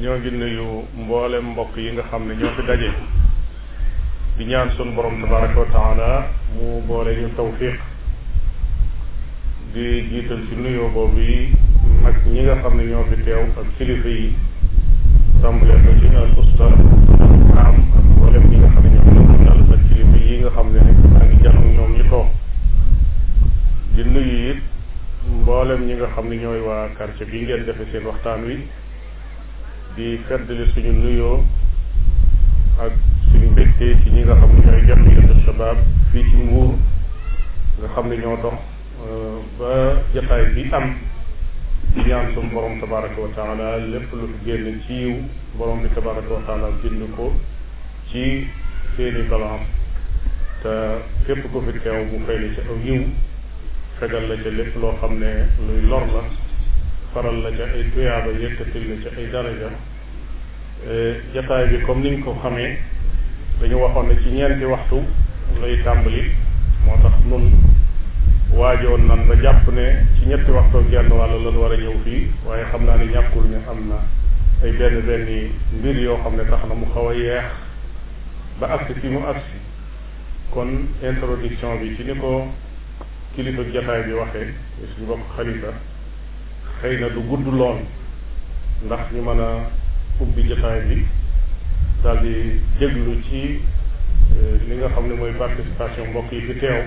ñoo ngi nuyu mboolem mbokk yi nga xam ne ñoo fi daje di ñaan sun borom tabaraka wa mu boole ñu tawfiq di jiital ci nuyoo boobu yi ak ñi nga xam ne ñoo fi teew ak kilifa yi tàmbale ko ci al usta am ak ñi nga xam ne ñoo fi dal ak kilifa nga xam ne ne maa ngi ñi nga xam ne ñooy waa quartier bi ngeen defe seen waxtaan wi di feddali suñu nuyoo ak suñu mbégte ci ñi nga xam ne ñooy jamhiyatu shabab fii ci Mbuur nga xam ne ñoo dox euh, ba jataay bi am di ñaan suñu borom tabaraka wa taala lépp lu fi génn ci yiw borom bi tabaraka wa taala bind ko ci seeni balance te képp ko fi teew mu fay la ci aw yiw fegal la ca lépp loo xam ne luy lor la faral la ca ay tuyaaba yëkkatil la ca ay daraja e, jataay bi comme niñ ko xamee dañu waxoon ne ci ñeenti waxtu lay tàmbali moo tax nun waajoon nan ba jàpp ne ci ñetti waxtu ak genn wàll lan war a ñëw fii waaye xam naa ne ñàkkul ne am na ay benn benn mbir yoo xam ne tax na mu xaw a yeex ba agsi fi mu agsi kon introduction bi ci ni ko kilifa jataay bi waxee suñu bokk xalifa xëy na du gudd lool ndax ñu mën a ubbi jotaay bi daal di déglu ci eh, li nga xam ne mooy participation mbokk yi fi teew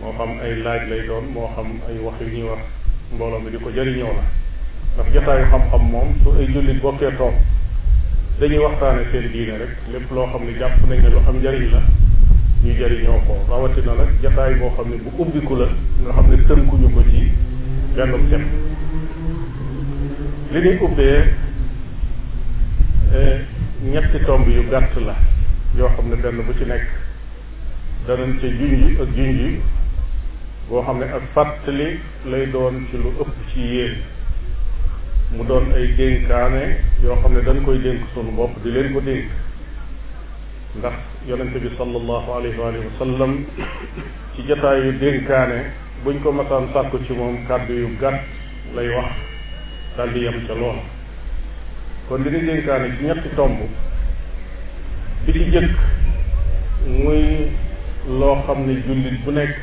moo xam ay laaj lay doon moo xam ay wax yu ñuy wax mbooloo mi di ko jëriñoo la ndax jotaayu xam-xam moom su ay jullit bokkee toog dañuy waxtaane seen diine rek lépp loo xam ne jàpp nañ ne lu am njariñ la ñu jëriñoo ko rawatina nag jotaay boo xam ne bu ubbiku la nga xam ne tënkuñu ko ci benn set li ñuy ubbee eh, ñetti tomb yu gàtt la yoo xam ne benn bu ci nekk danañ ca junj ak junj boo xam ne ak fàttali lay doon ci lu ëpp ci yéen mu doon ay dénkaane yoo xam ne dañ koy dénk sunu bopp di leen ko dénk ndax yonente bi sallallahu alayhi wa alihi wa sallam ci jataayu dénkaane buñ ko masaan sàkku ci moom kàddu yu gàtt lay wax daal di yem ca lool kon li ñu ci ñetti tomb bi ci jëkk muy loo xam ne jullit bu nekk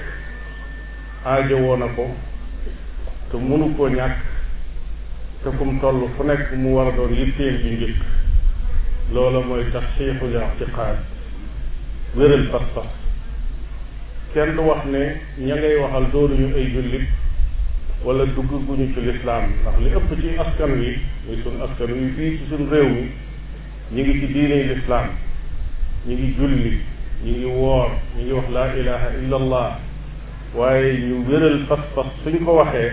aajo woon na ko te mënu koo ñàkk te fu mu toll fu nekk mu war a doon yitteel bi njëkk loola mooy taxsiixul ictiqaad wéral pas-pas kenn du wax ne ña ngay waxal doonuñu ay jullit wala dugg guñu ci lislaam ndax li ëpp ci askan wi muy suñ askan wi fii ci suñ réew mi ñu ngi ci diiney lislaam ñu ngi julli ñu ngi woor ñu ngi wax laa ilaha illa waaye ñu wéral pas-pas suñ ko waxee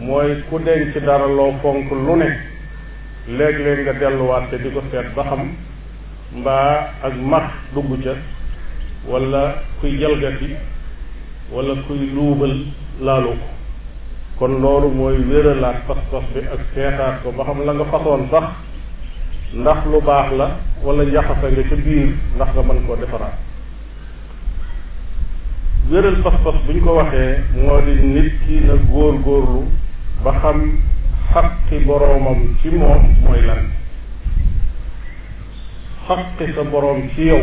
mooy ku denc dara loo fonk lu ne léeg-léeg nga delluwaat te di ko seet ba xam mbaa ak max dugg ca wala kuy jalgati wala kuy luubal laalu ko kon loolu mooy wéralaat pas-pas bi ak seetaat ko ba xam la nga fasoon sax ndax lu baax la walla njaxase nga ca biir ndax nga mën koo defaraat wéral pas-pas bu ñu ko waxee moo di nit ki na góor-góorlu ba xam xaqi boroomam ci moom mooy lan xaqi sa boroom ci yow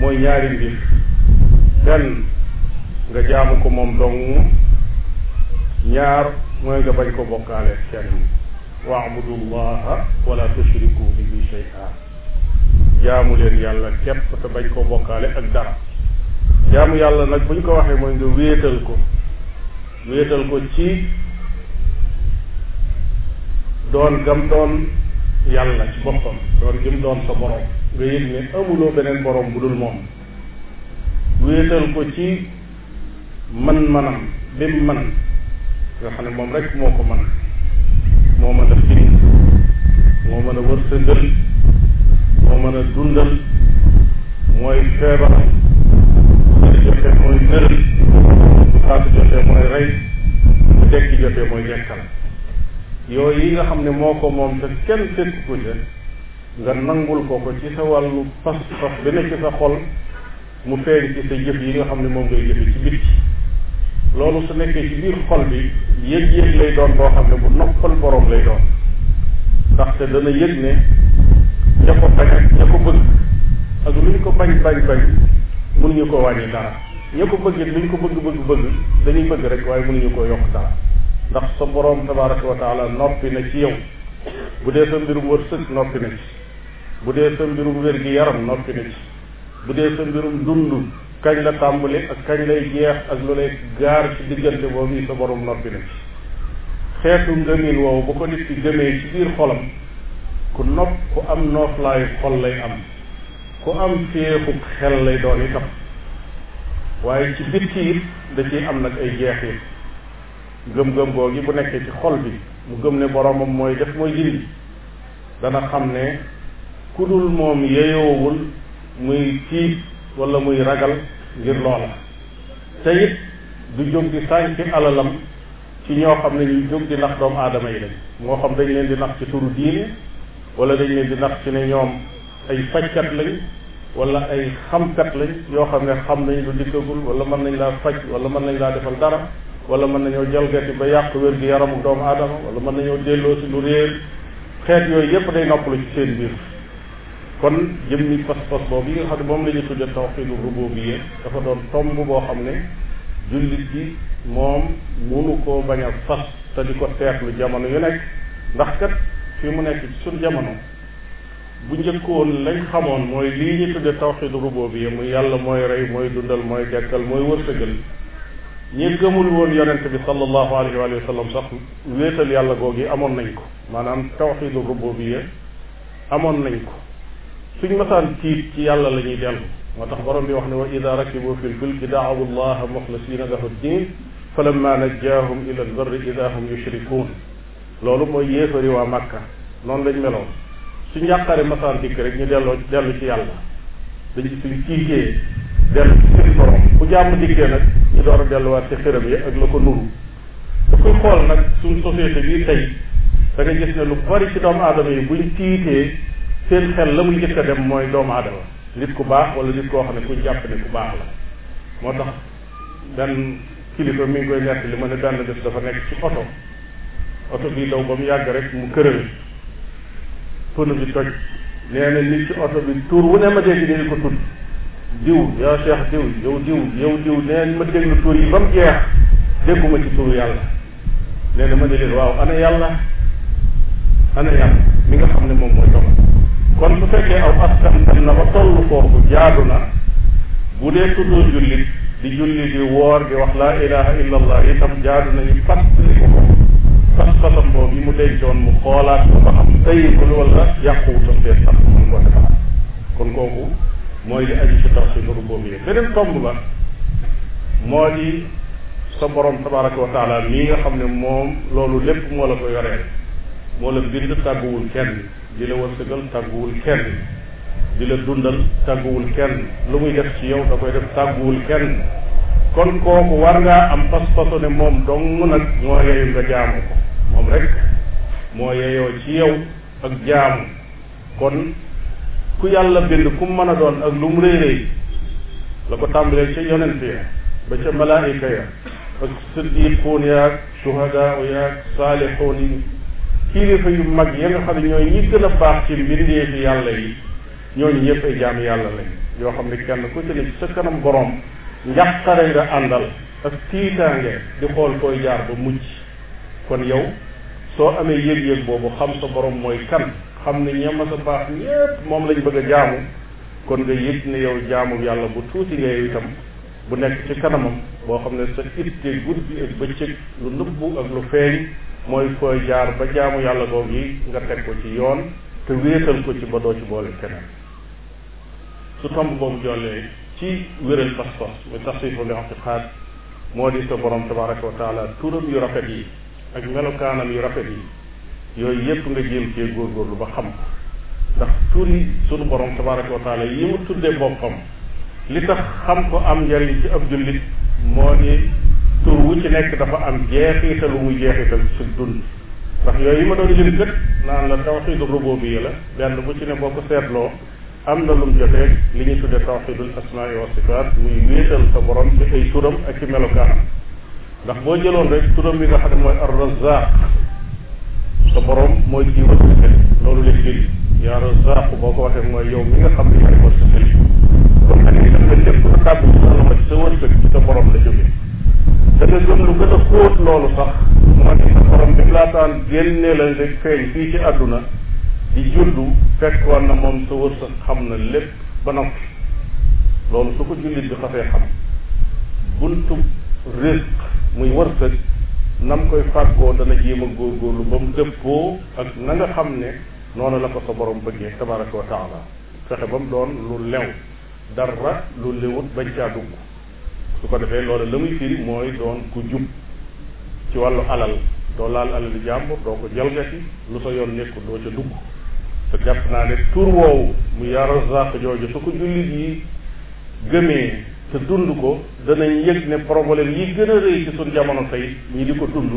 mooy ñaari mbir benn nga jaamu ko moom dong ñaar mooy nga bañ ko bokkaale kenn waabudu llaha wala tushriku bihi shay'a jaamu leen yàlla képp te bañ ko bokkaale ak dara jaamu yàlla nag buñ ko waxee mooy nga wéetal ko wéetal ko ci doon gam doon yàlla ci boppam doon gëm doon sa borom nga yëg ne amuloo beneen borom bu dul moom wéetal ko ci man-manam bi mu man nga xam ne moom rek moo ko mën moo mën a firi moo moo mën a dundal mooy feebar bu jotee mooy nëral bu faatu jotee mooy rey bu dekki jotee mooy jekkal yooyu yi nga xam ne moo ko moom te kenn fekk ko ca nga nangul ko ko ci sa wàllu pas-pas bi ne xol mu feeñ ci sa jëf yi nga xam ne moom ngay jëfe ci loolu su nekkee ci biir xol bi yëg-yëg lay doon boo xam ne bu noppal boroom lay doon ndaxte dana yëg ne ña ko bañ ak ña lu ñu ko bañ bañ bañ mënuñu ko wàññi dara ña ko bëgg it lu ñu ko bëgg bëgg bëgg dañuy bëgg rek waaye mënuñu ko yokk dara ndax sa boroom tabaraka wa taala noppi na ci yow bu dee sa mbirum wërsëg noppi na ci bu dee sa mbirum wér gi yaram noppi na ci bu dee sa mbirum dund kañ la tàmbali ak kañ lay jeex ak lu lay gaar ci diggante boobu yi sa borom noppi na ci xeetu ngëmin woowu bu ko nit ci gëmee ci biir xolam ku nopp ku am nooflaayu xol lay am ku am féexu xel lay doon itam waaye ci bitti it da am nag ay jeex yi gëm-gëm googi bu nekkee ci xol bi mu gëm ne boromam mooy def mooy jindi dana xam ne ku dul moom yeyoowul muy tiit wala muy ragal ngir loola te du jóg di sànq alalam ci ñoo xam ne ñuy jóg di nax doomu aadama yi lañ moo xam dañ leen di nax ci turu diine wala dañ leen di nax ci ne ñoom ay fajkat lañ wala ay xam xamkat lañ yoo xam ne xam nañu lu dikkagul wala mën nañu laa faj wala mën nañ daa defal dara wala mën nañoo jalgati ba yàq wér gi yaramu doomu aadama wala mën nañoo delloo si lu réer xeet yooyu yépp day nokkulu ci seen biir kon jëmmi pas-pas boobu yi nga xam ne moom la ñu tudde tawxidu rububiyya dafa doon tomb boo xam ne jullit bi moom munu ko bañ a fas te di ko teetlu jamono yu nekk ndax kat fi mu nekk suñ jamono bu njëkkoon lañ xamoon mooy lii ñu tudde tawxidu rububiyya muy yàlla mooy rey mooy dundal mooy dekkal mooy wërsëgal ñi gëmul woon yonent bi sallallahu alayhi wa sallam sax wéetal yàlla googu amoon nañ ko maanaam tawxidu rububiyya amoon nañ ko suñ masaan tiit ci yàlla la ñuy dellu moo tax borom bi wax ne wa ida rakibu fi lfulki daawu llaha muxlisina lahu ddin fa lamma najjaahum ila lbarri ida hum yushrikuun loolu mooy yéefari waa màkka noonu lañ meloon su njàqare masaan dikk rek ñu delloo dellu ci yàlla dañ suñ tiitee dellu ci suñ borom bu jàmm dikkee nag ñu door a delluwaat ci xiram yi ak la ko nuru da koy xool nag suñ société bii tey da gis ne lu bari ci doomu aadama yi buñ tiitee seen xel la muy njëkk a mooy doomu adama nit ku baax wala nit koo xam ne kuñ jàpp ne ku baax la moo tax benn kilifa mi ngi koy nett li ma ne benn bés dafa nekk ci oto oto bi daw ba mu yàgg rek mu këral pënu bi toj nee na nit oto bi tur wu ne ma dégg dañu ko di diw yaa cheikh diw yow diw yow diw nee ma déglu tur yi ba mu jeex dégguma ci turu yàlla nee na ma ne leen waaw ana yàlla ana yàlla mi nga xam ne moom mooy doom kon bu fekkee aw askan dem na ba tollu foofu jaadu na bu dee tuddoo jullit di julli di woor di wax laa ilaha illa allah itam jaadu na ñu fàttali ko pas-pasam yi mu dencoon mu xoolaat ko ba xam tayibul wala yàquwutam dee sax mu ko defaat kon kooku mooy li aju ci tawxid ba moo di sa borom tabaraka wa mii nga xam ne moom loolu lépp moo la ko yoreel moo la bind tàgguwul kenn di la wërsëgal kenn di la dundal tàgguwul kenn lu muy def ci yow da koy def tàgguwul kenn kon kooku war ngaa am pas-pasu ne moom dong nag moo yeeyu nga jaamu ko moom rek moo yeeyoo ci yow ak jaamu kon ku yàlla bind ku mën a doon ak lu mu rëy la ko tàmbalee ca yonent ya ba ca malaayika ya ak siddiquun yaag shuhadaa yaag saalixuun yi kilifa yu mag ya nga xam ne ñooy ñi gën a baax ci mbindeefi yàlla yi ñooñu ñëpp ay jaam yàlla lañ yoo xam ne kenn ku ci ne sa kanam borom njàqare nga àndal ak tiitaange di xool koy jaar ba mucc kon yow soo amee yëg-yëg boobu xam sa borom mooy kan xam ne ñema sa baax ñépp moom lañ bëgg a jaamu kon nga yëg ne yow jaamu yàlla bu tuuti nga yow itam bu nekk ci kanamam boo xam ne sa itte guddi ak bëccëg lu nëbbu ak lu feeñ mooy fooy jaar ba jaamu yàlla googu yi nga teg ko ci yoon te wéetal ko ci ba doo ci boole keneen su tomb boobu jollee ci wéral pas-pas muy tasrifu li atiqaad moo di sa boroom tabaraka wa taala turam yu rafet yi ak melokaanam yu rafet yi yooyu yépp nga jéem cee góorgóorlu ba xam ko ndax turi sunu borom tabaraka wa taala yi mu tuddee boppam li tax xam ko am njariñ ci ab jullit moo ni tur wu ci nekk dafa am jeexital wu mu jeexital ci dund ndax yooyu ma doon lim gët naan la tawxidu rububiyya la benn bu ci ne boo ko seetloo am na lum jotee li ñu tuddee tawxidul asmaai wa sifaat muy wéetal sa borom ak ci melokaanam ndax boo jëloon rek turam bi nga xam ne mooy ar-razzaq sa borom mooy kii wërsëgal loolu la firi yaa razzaq boo ko waxee mooy yow mi nga xam ne yaay wërsëgal kon nag li nga def ko sa loxo ci sa wërsëg ci sa borom la jógee da nga lu gën a xóot loolu sax moo ne sa borom bi mu laataan la rek feeñ fii ci àdduna di juddu fekkoon na moom sa wërsëg xam na lépp ba noppi loolu su ko jullit bi xasee xam buntu risque muy wërsëg na mu koy fàggoo dana jéem a góorgóorlu ba mu dëppoo ak na xam ne noonu la ko sa borom bëggee tabaraka wa taala fexe ba mu doon lu lew dara lu lewut bañ caa dugg su ko defee loolu la muy firi mooy doon ku jub ci wàllu alal doo laal alali jàmbur doo ko jalgati lu sa yoon nekkul doo ca dugg te jàpp naa ne tur woowu mu yaral zaq jooju su ko jullit yi gëmee te dund ko danañ yëg ne problème yi gën a rëy ci suñ jamono tey ñi di ko dund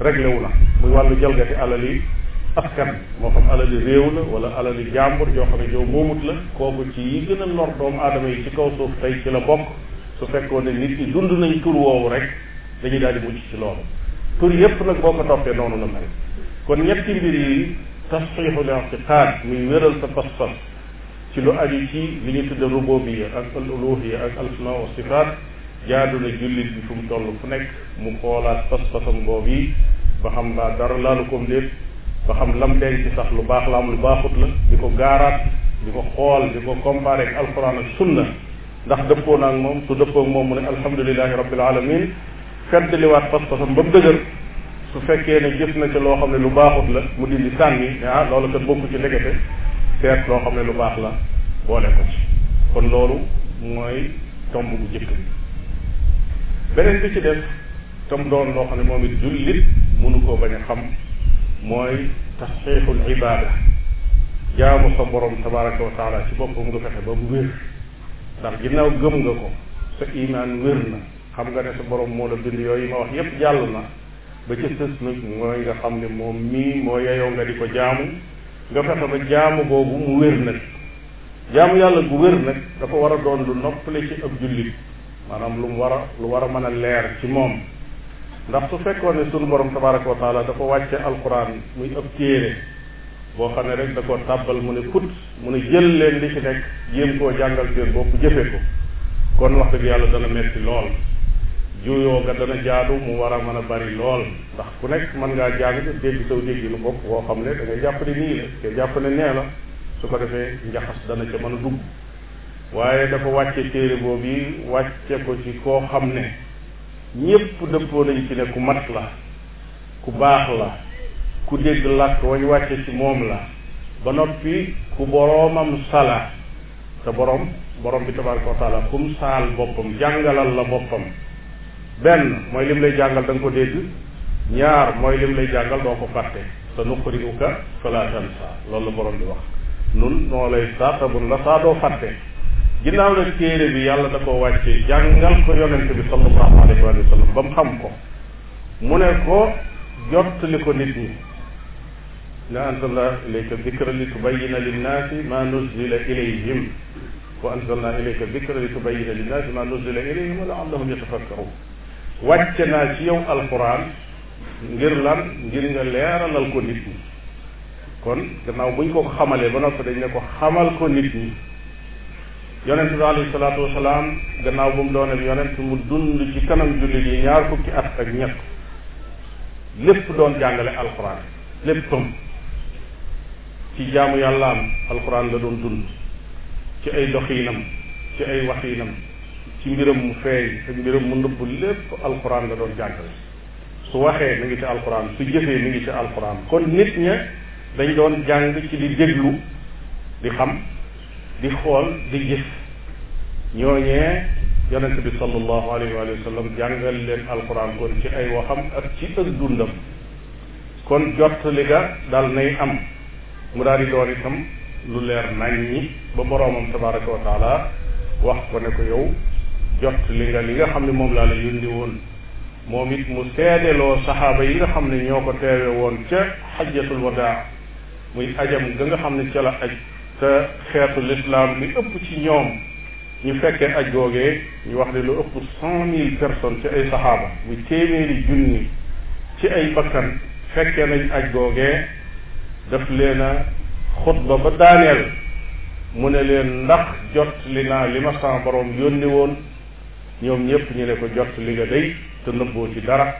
réglé wu na muy wàllu jalgati alali askan moo xam alali réew la wala alali jàmbur joo xam ne joo moomut la kooku ci yi gën a lor doomu aadama yi ci kaw suuf tey ci la bokk su fekkoon ne nit ñi dund nañ tur woowu rek dañuy daal di mucc ci loolu tur yépp nag boo ko toppee noonu la mel kon ñetti mbir yi tasxiixul ictiqaad muy wéral sa pas-pas ci lu aju ci li ñu tudde rububiya ak al uluhiya ak al asmaa wa sifaat jaadu na jullit bi fu mu fu nekk mu xoolaat pas-pasam boobu yi ba xam laa dara laalu koom lépp ba xam lam denc ci sax lu baax la am lu baaxut la di ko gaaraat di ko xool di ko comparé ak alquran ak sunna ndax dëppoo naag moom su dëppoo ak moom mu ne alhamdulilahi rabbil alamin feddaliwaat pas-pasam ba mu dëgër su fekkee ne gis na ci loo xam ne lu baaxut la mu dindi sànni ah loolu kat bokku ci ndekete seet loo xam ne lu baax la boole ko ci kon loolu mooy tomb bu jëkk bi beneen bi ci def tam doon loo xam ne moom it jullit mënu koo bañ a xam mooy tasxiixul ibaada jaamu sa borom tabaraka wa taala ci boppam nga fexe ba mu wér ndax ginnaaw gëm nga ko sa imaan wér na xam nga ne sa borom moo la bind yooyu ma wax yépp jàll na ba ca sës nag mooy nga xam ne moom mii moo yeyoo nga di ko jaamu nga fexe ba jaamu boobu mu wér nag jaamu yàlla gu wér nag dafa war a doon lu noppale ci ab jullit maanaam lu mu war a lu war a mën a leer ci moom ndax su fekkoon ne sunu borom tabaraka wa taala dafa wàcce alquran muy ab téere boo xam ne rek da koo tàbbal mu ne put mu ne jël leen li ci nekk jéem koo jàngal seen bopp jëfee ko kon wax dëgg yàlla dana metti lool juyoo nga dana jaadu mu war a mën a bari lool ndax ku nekk mën ngaa jàng dégg saw dégg lu bopp woo xam ne dangay ngay jàpp ne nii la te su ko defee njaxas dana ca mën a dugg waaye dafa wàcce téere boobu yi wàcce ko ci koo xam ne ñépp dëppoo nañ ci ne ku mat la ku baax la ku dégg làkk wañ wàcce ci moom la ba noppi ku boroomam sala te boroom boroom bi tabaraka wa taala kum saal boppam jàngalal la boppam benn mooy lim lay jàngal da ko dégg ñaar mooy lim lay jàngal doo ko fàtte sa nuqri'uka fala tansa loolu la boroom bi wax nun noo lay saatabun la saa doo fàtte ginnaaw nag téere bi yàlla da ko wàcce jàngal ko yonente bi sallallahu alayhi wa sallam ba mu xam ko mu ne ko jottali ko nit ñi inna anzalna ilayka dikra li tubayyina linnaasi ma nuzila ilayhim wa anzalna ilayka dikra li tubayyina linnaasi ma nuzila ilayhim wa laallahum yatafakkarun wàcce naa ci yow alquran ngir lan ngir nga leeralal ko nit ñi kon gannaaw buñ ko xamalee ba noppi dañ ne ko xamal ko nit ñi yonent bi alayhi salaatu wasalaam gannaaw bu mu doonee yonent mu dund ci kanam jullit yi ñaar fukki at ak ñett lépp doon jàngale alquran léppam ci jaamu yàllaam alxuraan la doon dund ci ay doxiinam ci ay waxiinam ci mbiram mu feeñ ak mbiram mu nëbb lépp alxuraan la doon jàngale su waxee mi ngi ci alxuraan su jëfee mi ngi ci alxuraan kon nit ña dañ doon jàng ci di déglu di xam di xool di gis ñooñee yonent bi sallallahu alayhi wa sallam jàngal leen alxuraan kon ci ay waxam ak ci ak dundam kon jot ga dal nay am mu daal di doon itam lu leer naññi ba boroomam tabaraka wa taala wax ko ne ko yow jot li nga li nga xam ne moom laa la yónni woon moom it mu seedeloo saxaaba yi nga xam ne ñoo ko teewe woon ca xajjatul wadaa muy ajam ga nga xam ne ca la aj te xeetu lislaam li ëpp ci ñoom ñu fekke aj googe ñu wax ne lu ëpp cent mille personnes ci ay saxaaba muy téeméeri junni ci ay bakkan fekke nañ aj googe daf leen a xutba ba daaneel mu ne leen ndax jot li naa li ma sama borom yónni woon ñoom ñëpp ñu ne ko jot li nga day te nëbboo ci dara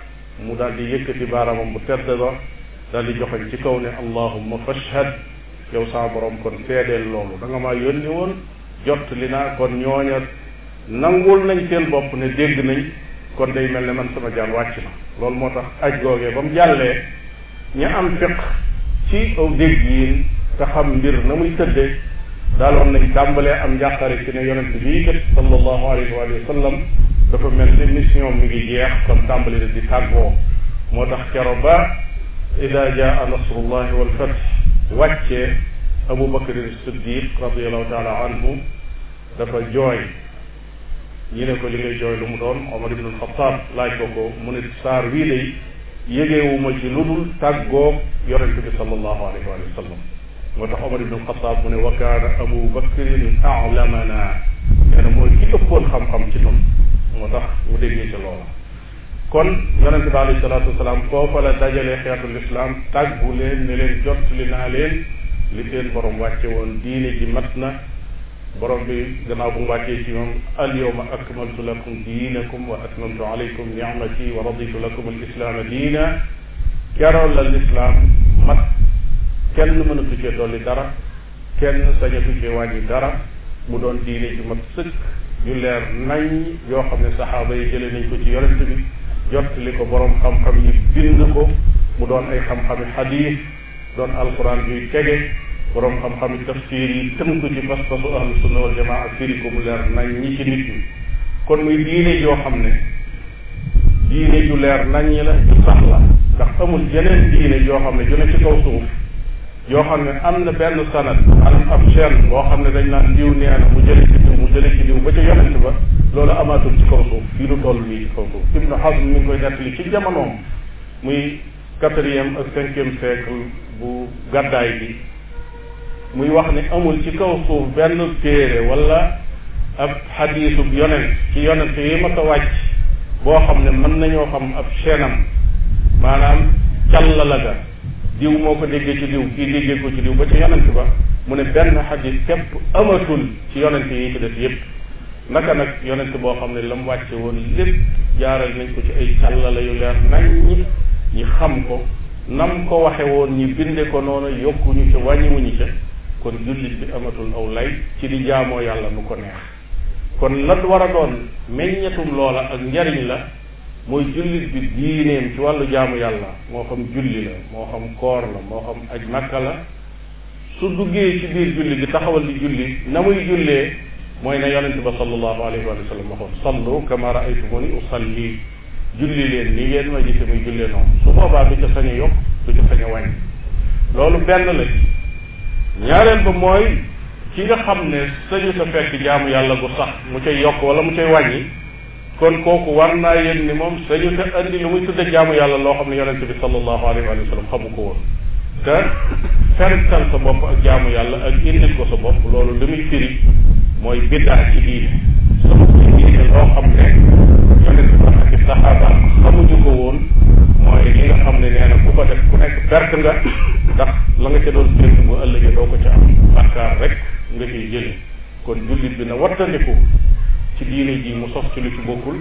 mu daal di yëkkati baaraamam bu tedd ba daal di joxoñ ci kaw ne allahumma fashhad yow sama borom kon seedeel loolu da nga maa yónni woon jot li naa kon ñooña nangul nañ seen bopp ne dégg nañ kon day mel ne man sama jaan wàcc na loolu moo tax aj googee ba mu jàllee ña am fiq ci aw dégg yiin te xam mbir na muy tëddee daaloon nañ tàmbalee am njàqare ci ne yonent bii kat sallallahu alayhi wa sallam dafa mel ni mission mi ngi jeex kon tàmbali na di tàggoo moo tax kero ba ida jaa nasrullahi wal fath wàccee abu bakrin siddiq radiallahu taala anhu dafa jooy ñi ne ko li ngay jooy lu mu doon omar ibn alxataab laaj ko ko mu ne saar wii day yëgeewuma ci lu dul tàggoog yonente bi sallallahu alayhi wa sallam moo tax Omar ibn Xataab mu wa kaana Abu Bakrin a'lamana nee na mooy ki ëppoon xam-xam ci ñun moo tax mu déggee ci loola kon yonente bi alayhi salaatu wasalaam foofa la dajale xeetu lislaam tàggu leen ne leen jot li naa leen li seen borom wàcce woon diine ji mat na borom bi gannaaw bu mu wàccee ci moom alyawma akmaltu lakum diinakum wa atmamtu alaykum ni'mati wa raditu lakum alislaama diina keroon la lislaam mat kenn mën a tuccee dolli dara kenn sañ a tuccee wàññi dara mu doon diine ju mat sëkk leer nañ yoo xam ne saxaaba yi jëlee nañ ko ci yonent bi jottali ko borom xam-xam yi bind mu doon ay xam-xami xadiis doon alquran bi tege borom xam-xam yi tafsir yi tënku ci pas-pasu ahlu sunna wal jamaa firi ko mu leer nañ ñi ci nit ñi kon muy diine joo xam ne diine ju leer nañ ñi la ju sax la ndax amul jeneen diine joo xam ne ju ne ci kaw yoo xam ne am na benn sanad maanaam ab chaîne boo xam ne dañ naan diw nee na mu jële ci diw mu jële ci diw ba ca yonent ba loolu amaatul ci kaw suuf fii lu toll nii ci kaw Ibnu Hazm mi ngi koy ci jamonoom muy quatrième ak cinquième siècle bu gàddaay bi muy wax ni amul ci kaw suuf benn téere wala ab xadiisub yonent ci yonent yi ma ko wàcc boo xam ne mën nañoo xam ab seenam maanaam càlla la ga diw moo ko déggee ci diw kii déggee ko ci diw ba ci yonent ba mu ne benn xadiis képp amatul ci yonent yi ci def yépp naka nag yonent boo xam ne la mu wàcce woon lépp jaaral nañ ko ci ay càlla la yu nañ ñi ñi xam ko nam ko waxe woon ñi binde ko noonu yokkuñu ca wàññiwuñu ca kon jullit bi amatul aw lay ci di jaamoo yàlla nu ko neex kon la war a doon meññetum loola ak njariñ la mooy jullit bi diineem ci wàllu jaamu yàlla moo xam julli la moo xam koor la moo xam aj makka la su duggee ci biir julli gi taxawal di julli na muy jullee mooy na yonente ba sallallahu alayhi wa sallam waxoon sallu kama raaytumuni usalli julli leen ni ngeen ma gisee muy jullee noonu su boobaa du ca sañ a yokk du ca sañ a loolu benn la ñaareel ba mooy ki nga xam ne sañu sa fekk jaamu yàlla bu sax mu cay yokk wala mu cay wàññi kon kooku war naa yéen ni moom sañu sa andi lu muy tudde jaamu yàlla loo xam ne yonente bi sallallahu alayhi wa sallam xamu ko woon te fertal sa bopp ak jaamu yàlla ak indil ko sa bopp loolu li muy firi mooy biddaa ci diine liggéey loo xam ne yonent ba ak i saxaaba xamuñu ko woon mooy li nga xam ne nee na ku ko def ku nekk perte nga ndax la nga ca doon séntu bu ëllëgee doo ko ca am bàkkaar rek nga ciy jële kon jullit bi na wattandiku ci diine ji mu sos ci lu ci bokkul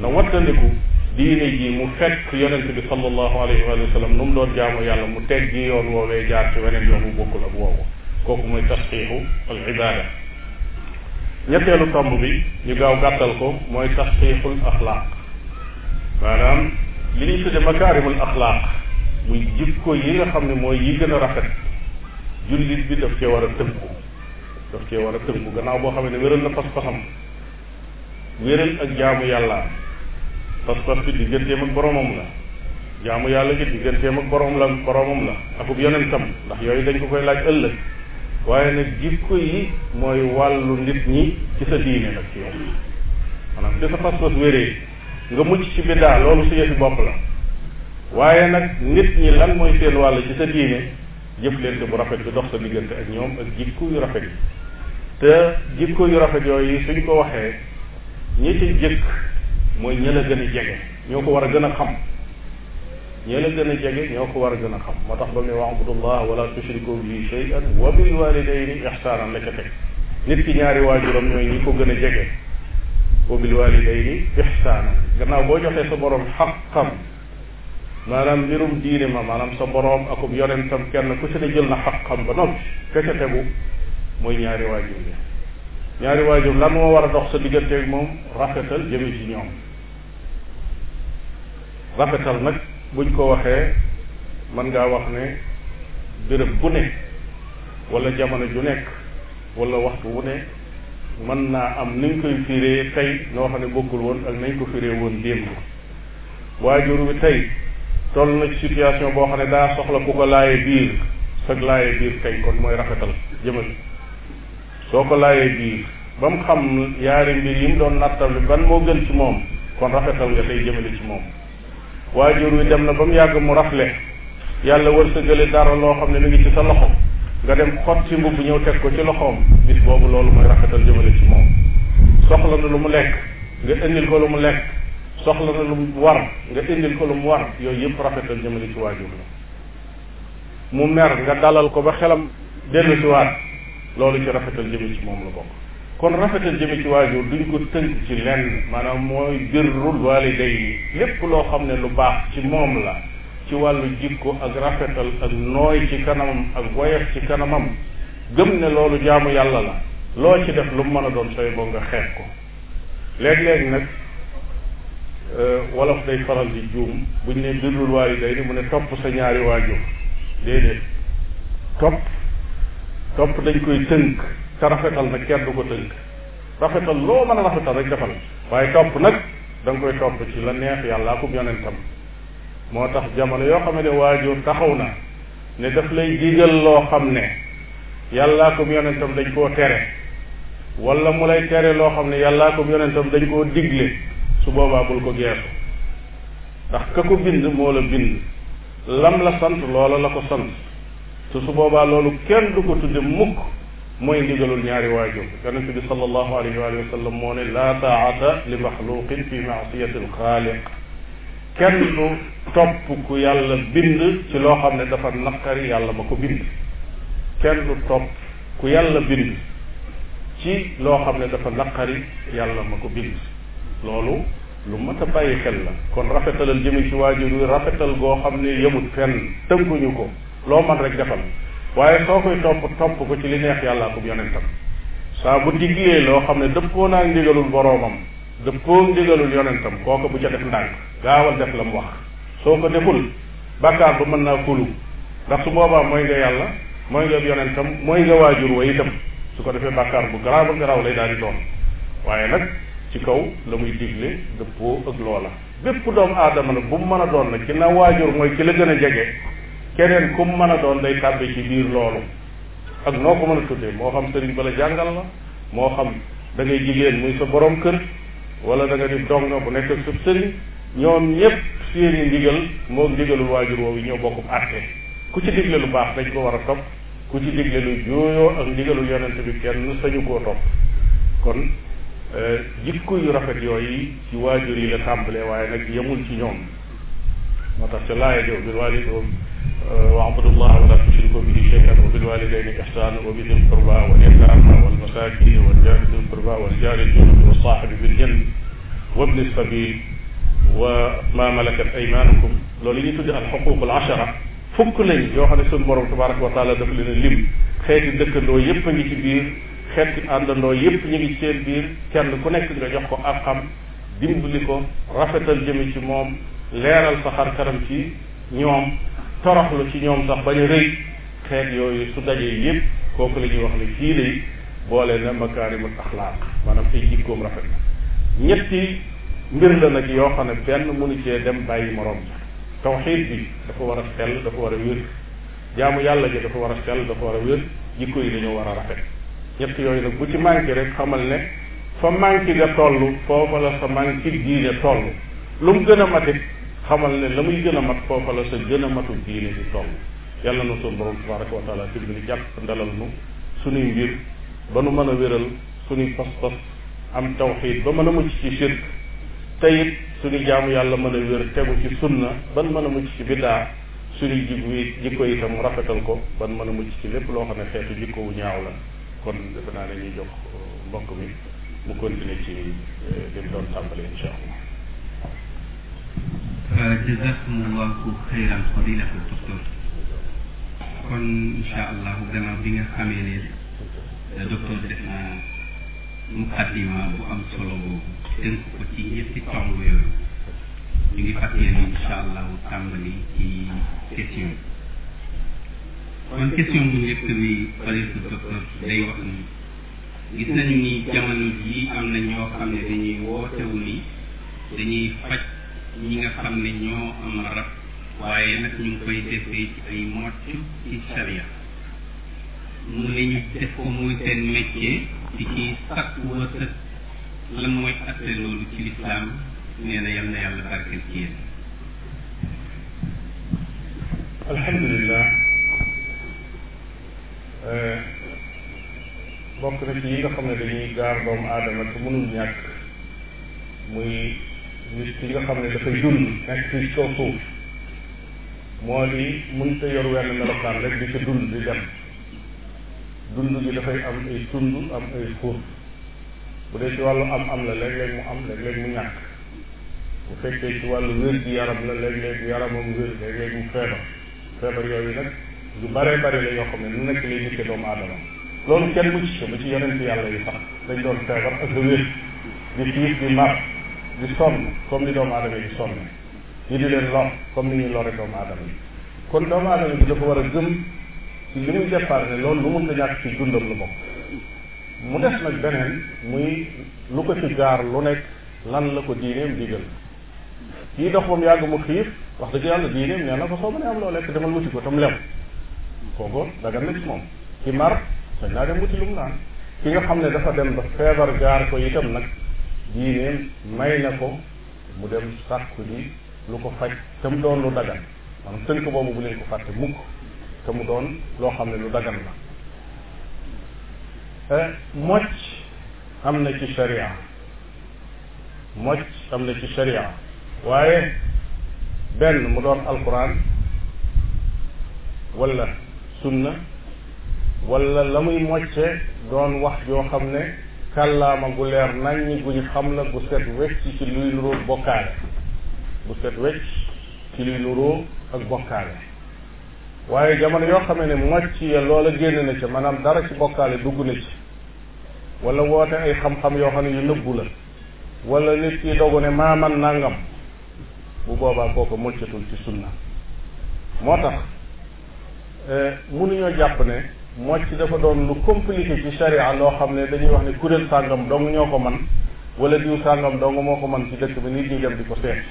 na wattandiku diine ji mu fekk yonent bi sallallahu alayhi wa sallam nu mu doon jaamu yàlla mu teggi yoon woowee jaar ci weneen yoon wu bokkul ak woowu kooku mooy tasxiixu al ibaada ñetteelu tomb bi ñu gaaw gàttal ko mooy tasxiixul axlaaq maanaam li ñuy tudde makaarimul axlaaq muy ko yi nga xam ne mooy yi gën rafet jullit bi daf cee war a tënku daf cee war a tënku gannaaw boo xam ne wéral na pas-pasam wéral ak jaamu yàlla pas-pas bi digganteem ak boromam la jaamu yàlla gi digganteem ak borom la boromam la akub yonentam ndax yooyu dañ ko koy laaj ëllëg waaye nag jikko yi mooy wàllu nit ñi ci sa diine nag ci yow maanaam de sa pas-pas nga mucc ci biddaa loolu su yëfi bopp la waaye nag nit ñi lan mooy seen wàll ci sa diine jëflante bu rafet bi dox sa diggante ak ñoom ak jikko yu rafet yi te jikko yu rafet yooyu suñ ko waxee ñi ci jëkk mooy ñi la gën a jege ñoo ko war a gën a xam ñee la gën a jege ñoo ko war a gën a xam moo tax ba muy wax abudullah wala tushriku bihi shay'an wa bil walidayni ihsanan la ca nit ki ñaari waajuram ñooy ñi ko gën a jege wa bil walidayni ihsanan gannaaw boo joxee sa borom xaqam maanaam mbirum diine ma maanaam sa boroom akum yonentam kenn ku ci jël na xaqam ba noppi ka tegu mooy ñaari waajur yi ñaari waajur lan moo war a dox sa digganteeg moom rafetal jëme ci ñoom rafetal nag buñ ko waxee mën ngaa wax ne béréb bu ne wala jamono ju nekk wala waxtu wu ne mën naa am nañ koy firee tey noo xam ne bokkul woon ak nañ ko firee woon démb waajur wi tey toll na ci situation boo xam ne daa soxla ku ko laaye biir sag laaye biir tey kon mooy rafetal jëmal soo ko laayee biir ba mu xam yaari mbir yi mu doon nattable ban moo gën ci moom kon rafetal nga tey jëmale ci moom waajur wi dem na ba mu yàgg mu rafle yàlla wërsëgale dara loo xam ne mi ngi ci sa loxo nga dem xot ci mbubb ñëw teg ko ci loxoom bis boobu loolu mooy rafetal jëmale ci moom soxla na lu mu lekk nga indil ko lu mu lekk soxla na lu mu war nga indil ko lu mu war yooyu yëpp rafetal jëmale ci waajur la mu mer nga dalal ko ba xelam dellu si waat loolu ci rafetal jëme ci moom la bokk kon rafetal jëme ci waajur duñ ko tënk ci lenn maanaam mooy birrul waalidayni lépp loo xam ne lu baax ci moom la ci wàllu jikko ak rafetal ak nooy ci kanamam ak woyof ci kanamam gëm ne loolu jaamu yàlla la loo ci def lu mu mën a doon sooy boo nga xeeb ko léeg-léeg nag euh, wolof day faral di juum buñ ne birrul waalidayni mu ne topp sa ñaari waajur déedéet topp topp dañ koy tënk te rafetal nag kenn du ko tënk rafetal loo mën a rafetal rek defal waaye topp nag da nga koy topp ci la neex yàlla akub yonentam moo tax jamono yoo xam ne waajur taxaw na ne daf lay digal loo xam ne yàllaa ko yonentam dañ koo tere wala mu lay tere loo xam ne yàllaa ko yonentam dañ koo digle su boobaa bul ko geesu ndax ka ko bind moo la bind lam la sant loola la ko sant te su boobaa loolu kenn du ko tudde mukk mooy ndigalul ñaari waajur yonente bi sallallahu alayhi wa sallam moo ne laa taata li maxluqin fi maasiyati alxaaliq kenn du topp ku yàlla bind ci loo xam ne dafa naqari yàlla ma ko bind kenn du topp ku yàlla bind ci loo xam ne dafa naqari yàlla ma ko bind loolu lu mat a bàyyi xel la kon rafetalal jëme ci waajur yi rafetal goo xam ne yemut fenn tënkuñu ko loo man rek defal waaye soo koy topp topp ko ci li neex yàlla akub yonentam saa bu diglee loo xam ne dëppoo naa ndigalul boroomam dëppoo ndigalul yonentam kooka bu ca def ndànk gaawal def la mu wax soo ko deful bàkkaar ba mën naa kulu ndax su boobaa mooy nga yàlla mooy nga yonentam mooy nga waajur wa itam su ko defee bàkkaar bu garaaw ba garaaw lay daal di doon waaye nag ci kaw la muy digle dëppoo ak loola bépp doomu aadama nag bu mu mën a doon nag ci na waajur mooy ki la gën a jege keneen kum mën a doon day tàbbi ci biir loolu ak noo ko mën a tuddee moo xam sëriñ bala jàngal moo xam da ngay jigéen muy sa borom kër wala da nga di donga bu nekk sub sëriñ ñoom ñépp seeni ndigal moo ndigalul waajur woowu ñoo bokkub àtte ku ci digle lu baax dañ ko war a topp ku ci digle lu jooyoo ak ndigalul yonente bi kenn sañu koo topp kon e, jikko yu rafet yooyu ci waajur yi la tàmbalee waaye nag yemul ci ñoom moo tax ca laaya jow bir waajur واعبدوا الله ولا تشركوا به شيئا وبالوالدين إحسانا وبذي القربى واليتامى والمساكين والجار ذي القربى والجار الجنوب والصاحب بالجنب وابن السبيل وما ملكت أيمانكم loolu yi ñu tudde al xuququl ashara fukk lañ yoo xam ne suñu borom tabaraka wa taala dafa leen a lim xeeti dëkkandoo yépp a ngi ci biir xeeti àndandoo yépp ñu ngi ci seen biir kenn ku nekk nga jox ko ak xam dimbali ko rafetal jëme ci moom leeral sa xar kanam ci ñoom toroxlu ci ñoom sax bañ a rëy xeet yooyu su dajee yépp kooku la ñuy wax ne kii lay boole na ma tax laa maanaam ay jikkoom rafet na ñetti mbir la nag yoo xam ne benn mënu cee dem bàyyi moroom tawxiid bi dafa war a sell dafa war a wér jaamu yàlla ji dafa war a sell dafa war a wér jikko yi dañoo war a rafet ñett yooyu nag bu ci manqué rek xamal ne fa manqué nga toll foofa la sa manqué diine toll lu mu gën a matit xamal ne la muy gën a mat foofa la sa gën a matu diine ci toll yàlla na suñu borom tabaraka wa taala dimbali jàpp ndalal nu suñuy mbir ba nu mën a wéral suñuy pas-pas am tawxiid ba mën a mucc ci shirk te it suñu jaamu yàlla mën a wér tegu ci sunna ban mën a mucc ci biddaa suñu jikko yi jikko itam rafetal ko ban mën a mucc ci lépp loo xam ne xeetu jikko ñaaw la kon defe naa ne ñuy jox uh, mbokk mi mu continuer ci uh, li doon tàmbali incha allah jazakumullahu xayran fadilatul docteur kon incha allahu gannaaw bi nga xamee ne eh, docteur na muqaddima bu am solo boobu tënk ko ci ñetti tomb yooyu ñu ngi fas yéene incha allahu tàmbali ci question yi kon question bu njëkk bi fadilatul docteur day wax ni gis nañu ni jamono jii am na ñoo xam ne dañuy wootewu ni dañuy faj ñi nga xam ne ñoo am rab waaye nag ñu ngi koy defee ci ay mocc ci sharia mu ne ñu def ko seen métier di ci sakku wërsëg lan mooy atte loolu ci lislaam nee na yal na yàlla barkeel ci yéen alhamdulilah bokk na ci nga xam ne dañuy gaar doomu aadama te mënul ñàkk muy nit ki nga xam ne dafay dund nekk ci kaw suuf moo di mënta yor wenn melokaan rek di ca dund di dem dund gi dafay am ay tund am ay xur bu dee ci wàllu am am la léeg-léeg mu am léeg-léeg mu ñàkk bu fekkee ci wàllu wér gi yaram la léeg-léeg yaramam wér léeg-léeg mu feebar feebar yooyu nag lu bare bare la yoo xam ne nu nekk lay doomu aadama loolu kenn mucc ko ba ci yàlla yi sax dañ doon feebar ak lu wér di di mar di sonn comme ni doomu aadama yi sonn ñu di leen lor comme ni ñuy lore doomu aadama yi kon doomu aadama bi dafa war a gëm ci li muy départ ne loolu lu mun a ñàkk ci dundam lu bokk mu def nag beneen muy lu ko ci gaar lu nekk lan la ko diineem digal kii dox ba yàgg mu xiif wax dëgg yàlla diineem nee la ko soo mënee am loo lekk demal wuti ko tam lew kooku dagan na ci moom ki mar dañ naa dem wuti lu mu naan ki nga xam ne dafa dem ba feebar gaar ko nag diine may na ko mu dem sàkku ji lu ko faj te mu doon lu dagan maanaam tënk boobu bu leen ko fàtte mukk te mu doon loo xam ne lu dagan la eh, mocc am na ci sharia mocc am na ci sharia waaye benn mu doon alquran wala sunna walla la muy mocce doon wax joo xam ne kàllaama gu leer naññ gu ñu xam la gu set wecc ci luy nuroo bokkaale gu set wecc ci luy nuroo ak bokkaale waaye jamono yoo xamee ne mocc ya loola génn na ca maanaam dara ci bokkaale dugg na ci wala woote ay xam-xam yoo xam ne yu nëbbu la wala nit ki dogu ne maaman nangam bu boobaa kooko muccatul ci sunna moo tax eh, mënuñoo jàpp ne mocc dafa doon lu compliqué ci charia loo xam ne dañuy wax ne kuréel sàngam dong ñoo ko man wala diw sàngam dong moo ko man ci dëkk bi nit ñi dem di ko seet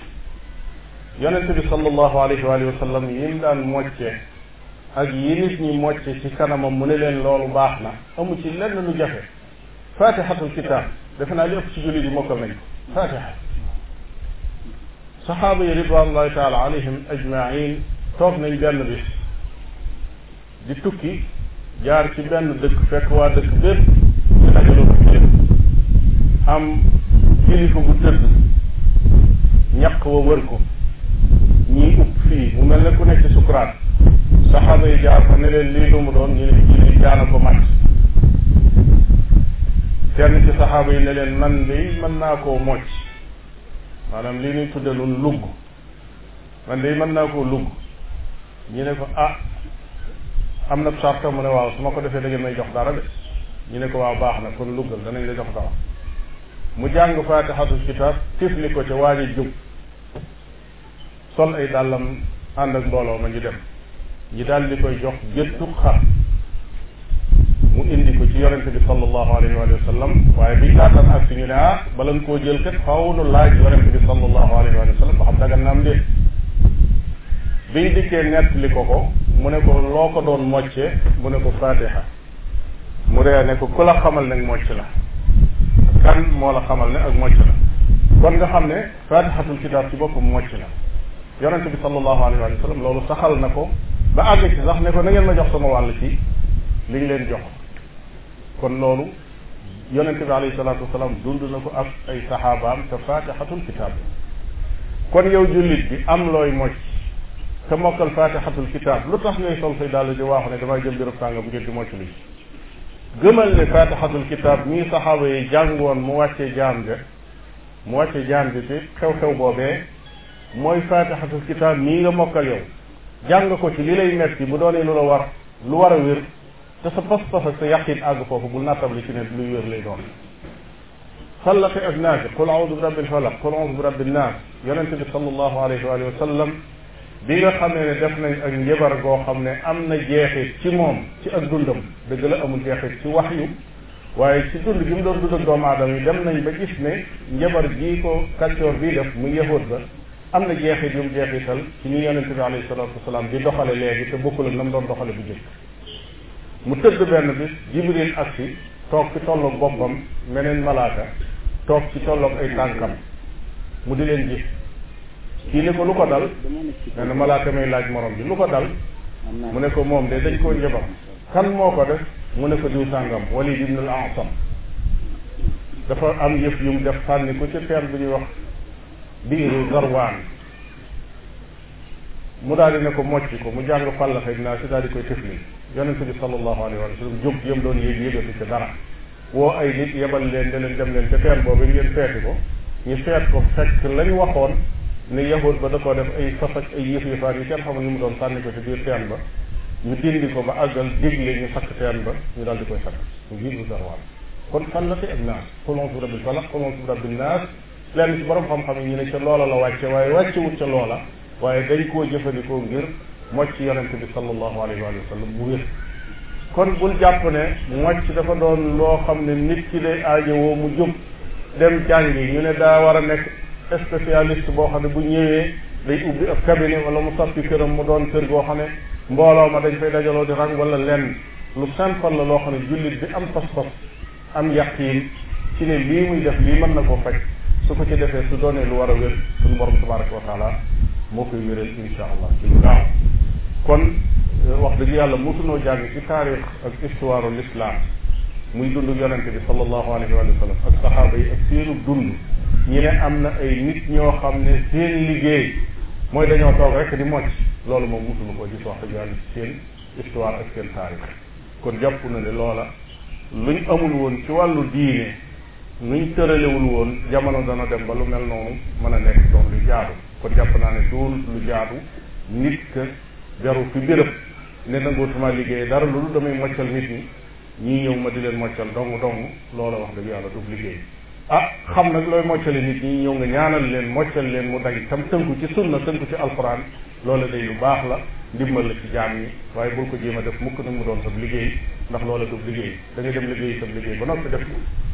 yonent bi sallallahu alayhi wa sallam yi mu daan mocce ak yi nit ñi mocce ci kanamam mu ne leen loolu baax na amu ci lenn lu jafe fatihatul kitab defe naa li ëpp si jullit yi mokkal nañ ko fatiha saxaaba yi ridwanullahi taala alayhim ajmain toog nañ benn bis di tukki jaar ci benn dëkk fekk waa dëkk bépp te dajaloo ko jëm am kilifa bu tëdd ñaq wa wër ko ñii upp fii mu mel ne ku nekk sukuraat saxaaba yi jaar ko ne leen lii lu mu doon ñu ne jaana ko màcc kenn ci saxaaba yi ne leen man de mën naa ko mocc maanaam lii ñuy tudde lun man de mën naa koo lugg ñu ne ko ah am na charte mu ne waaw su ma ko defee da may jox dara de ñu ne ko waaw baax na kon luggal danañ la jox dara mu jàng faatixatul kitaab tifli ko ca waa ji jóg sol ay dàllam ànd ak mbooloo ma ñu dem ñu daal di koy jox géttu xar mu indi ko ci yonente bi sallallahu alayhi wa sallam waaye biñ laataan ak si ñu ne ah bala nga koo jël kat xaw nu laaj yonente bi sallallahu alayhi wa sallam ba xam dagan na am déet biñ dikkee nettali ko ko mu ne ko loo ko doon mocce mu ne ko fatiha mu ree ne ko ku la xamal nag mocc la kan moo la xamal ne ak mocc la kon nga xam ne fatihatul kitaab ci boppam mocc la yonente bi sallallahu alayhi wa sallam loolu saxal na ko ba àgg ci sax ne ko na ngeen ma jox sama wàll ci li ñu leen jox kon loolu yonente bi yi salaatu wasalaam dund na ko ak ay saxaabaam te fatihatul kitaab kon yow jullit bi am looy mocc te mokkal faatixatul kitaab lu tax ngay sol say dàll di waaxu ne damay jëm birub sàngam ngir di mocc li gëmal ne faatixatul kitaab mii saxaaba yi jàngoon mu wàccee jaam ja mu wàccee jaam ja ci xew-xew boobee mooy faatixatul kitaab mii nga mokkal yow jàng ko ci li lay metti bu doonee lu la war lu war a wér te sa pas-pas ak sa yaqin àgg foofu bul nattab li ci ne luy wér lay doon salati ak naasi qul audu bi rabbil falaq qul audu bi rabbin naas yonente bi sallallahu alayhi wa sallam bi nga xam ne def nañ ak njabar goo xam ne am na jeexit ci moom ci ak dundam dëgg la amul jeexit ci wax yu waaye ci dund gi mu doon dund ak doomu aadama yi dem nañ ba gis ne njabar gii ko kàccoor bii def mu yahut ba am na jeexit yu mu jeexital ci ñu yonente bi alayhi salatu wasalaam di doxale léegi te bokkul ak na mu doon doxale bu jëkk mu tëdd benn bis jibril agsi toog ci tolloog boppam meneen malaaka toog ci tolloog ay tànkam mu di leen gis kii ni ko lu ko dal nee na malaaka may laaj moroom bi lu ko dal mu ne ko moom de dañ koo njëbam kan moo ko def mu ne ko diw sàngam Walid ibn al-A'sam dafa am yëpp yu mu def sànni ko ci teen bu ñuy wax biiru Garwaan mu daal di ne ko mocc ko mu jàng fàllaxeeg naa si daal di koy tëfli yonent bi sallallahu alayhi wa sallam jóg doon yéeg yëgatu ci dara woo ay nit yebal leen ne leen dem leen ca teen boobu ngeen seeti ko ñu seet ko fekk lañ waxoon ne yahut ba da koo def ay sos ak ay yëf yëfaat yu kenn xamul ni mu doon sànni ko ci biir teen ba ñu dindi ko ba àggal digle ñu sakk teen ba ñu daal koy sakk mu jiibu darwaan kon fallate ak naas xulon su rabbi falaq xulon su rabbi naas lenn ci borom xam-xam yi ñu ne ca loola la wàcce waaye wàccewut ca loola koo jëfandikoo ngir mocc yonente bi sallallahu alayhi wa sallam mu wér kon bul jàpp ne mocc dafa doon loo xam ne nit ki day aajowoo mu jóg dem jàngi ñu ne daa war a nekk spécialiste boo xam ne bu ñëwee day ubbi ab cabinet wala mu soppi këram mu doon kër goo xam ne mbooloo ma dañ fay dajaloo di rang wala lenn lu simple la loo xam ne jullit bi am pas-pas am yaqiin ci ne lii muy def lii man na ko faj su ko ci defee su doonee lu war a wér suñu borom tabaraka wa taala moo koy wéral insha allah ci lu gaaw kon euh, wax dëgg yàlla mosunoo jàng ci taarix ak istuwaaru l'islam muy dund yonente bi sallallahu alayhi wa sallam ak saxaaba ak ñi ne am na ay nit ñoo xam ne seen liggéey mooy dañoo toog rek di mocc loolu moom mosulu ko gis wax dëgg yàlla ci seen ak seen taarix kon jàpp na ne loola luñ amul woon ci wàllu diine nuñ tëralewul woon jamono dana dem ba lu mel noonu mën a nekk doon lu jaadu kon jàpp naa ne doon lu jaadu nit ka jaru fi bérëb ne nangootuma liggéey dara loolu damay moccal nit ñi ñii ñëw ma di leen moccal dong dong loola wax dëgg yàlla du liggéey ah xam nag looy moccali nit ñi ñëw nga ñaanal leen moccal leen mu daj tam tënku ci sunna tënku ci alquran loola day lu baax la ndimbal la ci jaam yi waaye bul ko jéem a def mukk nag mu doon sab liggéey ndax loola du liggéey dangay nga dem liggéey sab liggéey ba noppi def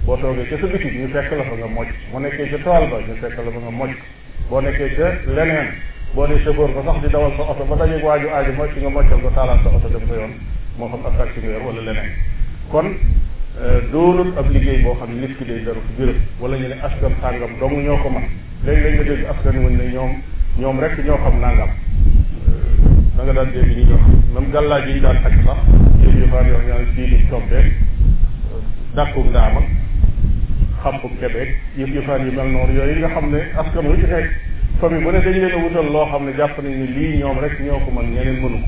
boo toogee ca sa bitig ñu fekk la fa nga mocc nekkee ca tool ba ñu boo nekkee ca leneen boo dee chauffeur ba sax di dawal sa oto ba dajeeg waaju aajo mocc nga moccal ko taalaat sa oto dem sa yoon moo xam ak taxi nga leneen kon Euh, doonul ab liggéey boo xam ne nit ki day dara ko jërëm wala ñu ne askan sàngam dong ñoo ko man léeg-léeg nga dégg askan wuñ ne ñoom ñoom rek ñoo xam nangam euh, da nga daan ñoo xam même gàllaaj yi ñu daan ak sax yéen ñu faan yoo xam ne diini tombeeg euh, dàkku ndaama xampu kebeeg yëpp yëfaan yu mel noonu yooyu nga xam ne askan wu ci nekk famille bu ne dañ leen a wutal loo xam ne jàpp nañ ne lii ñoom rek ñoo ko mën ñeneen mënu ko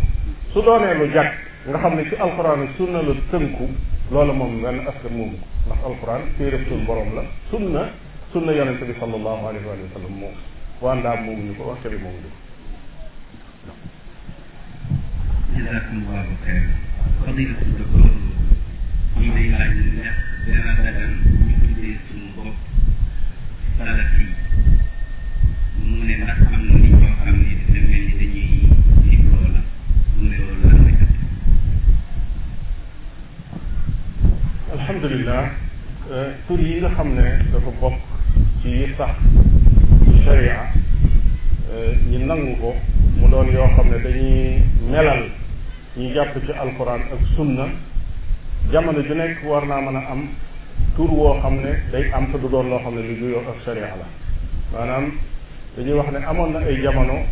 su doonee lu jàkk nga xam ne ci alxuraan sunna la tënku loolu moom wenn askan moom ndax alquran téereb suñu borom la sunna sunna yonente bi sallallahu alayhi wa sallam moom waandaam moomu ñu ko waxte ko jazakumullahu xeyr fadilatu docteur alhamdulilah euh, tur yi nga xam ne dafa bokk ci yi sax ci sharia euh, ñi nangu ko mu doon yoo xam ne dañuy melal ñi jàpp ci alquran ak sunna jamono ju nekk war naa mën a am tur woo xam ne day am te du doon loo xam ne lu juyoo ak sharia la maanaam dañuy wax ne amoon na ay jamono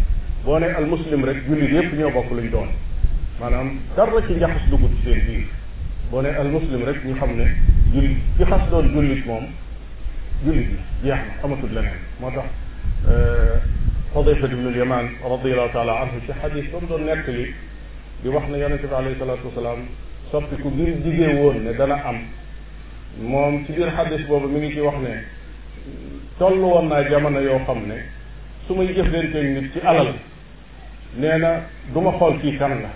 boo ne al muslim rek jullit yépp ñoo bokk luñ doon maanaam dara ci njaxas dugg seen biir boo ne al muslim rek ñu xam ne jullit ci xas doon jullit moom jullit bi jeex na amatul leneen moo tax Xudayfa euh, ibnul Yamaan radiallahu taala anhu ci xadis ba mu doon nettali di wax ne yonente bi alayhi salaatu wasalaam soppi ku ngir jigee woon ne dana am moom ci biir xadis boobu mi ngi ci wax ne toll woon naa yoo xam ne su ma may jëflanteeg nit ci alal nee na du ma xool kii kan la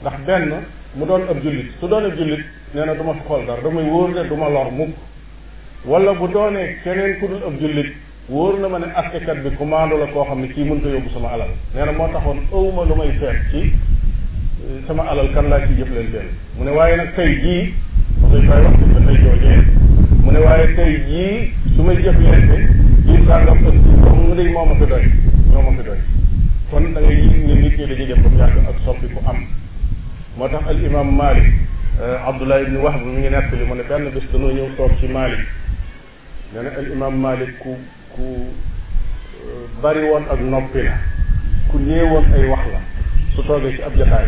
ndax benn mu doon ab jullit su doon ab jullit nee na du ma fi xool dara damay wóor ne du ma lor mukk wala bu doonee keneen ku dul ab jullit wóor na ma ne askekat bi commando la koo xam ne kii mënta yóbbu sama alal nee na moo taxoon awma lu may seet ci eh, sama alal kan laa ci jëflanteel mu ne waaye nag tey jii suñ koy wax ba tey joojee mu ne waaye tey jii su may jëflante jiw sàngam ëpp mu ne moo ma fi doy ñoo ma fi doy kon da ngay gis ne nit mu yàgg ak soppi ku am moo tax al imam Malik euh, Abdullah ibni Wahb mi ngi nettali mu ne benn bis dañoo ñëw toog ci Malik nee na al imam Malik ku ku euh, bari woon ak noppi ku néewoon ay wax la su toogee ci ab jotaay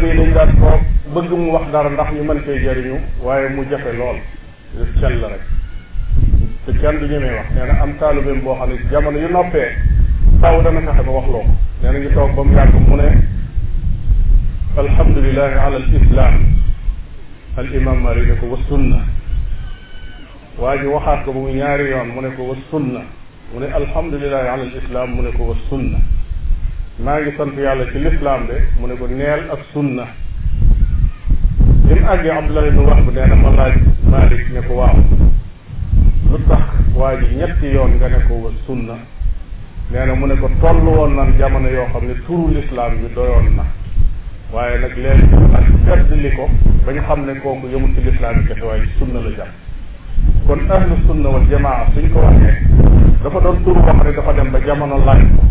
bi yi dañ daan toog bëgg mu wax dara ndax ñu mën cee jariñu waaye mu jafe lool def sell rek te kenn du ñemee wax nee na am taalibeem boo xam ne jamono yu noppee taw dana fexe ba wax loo ko nee na toog ba mu yàgg mu ne alhamdulilahi ala al islam al imam mari ne ko wa sunna waa ji waxaat ko ba mu ñaari yoon mu ne ko wa sunna mu ne alhamdulilahi al islam mu ne ko wa sunna maa ngi sant yàlla ci lislaam de mu ne ko neel ak sunna bi mu àggee Abdullah ibn Wahb nee na ma laaj Malik ne ko waaw lu tax waa ji ñetti yoon nga ne ko wa sunna nee na mu ne ko toll woon nan jamono yoo xam ne turu lislaam bi doyoon na waaye nag léegi ak feddli ko ba ñu xam ne kooku yëmul ci lislaam kese waaye ci sunna la jàpp kon ahlu sunna wal jamaa suñ ko waxee dafa doon tur boo xam dafa dem ba jamono laaj ko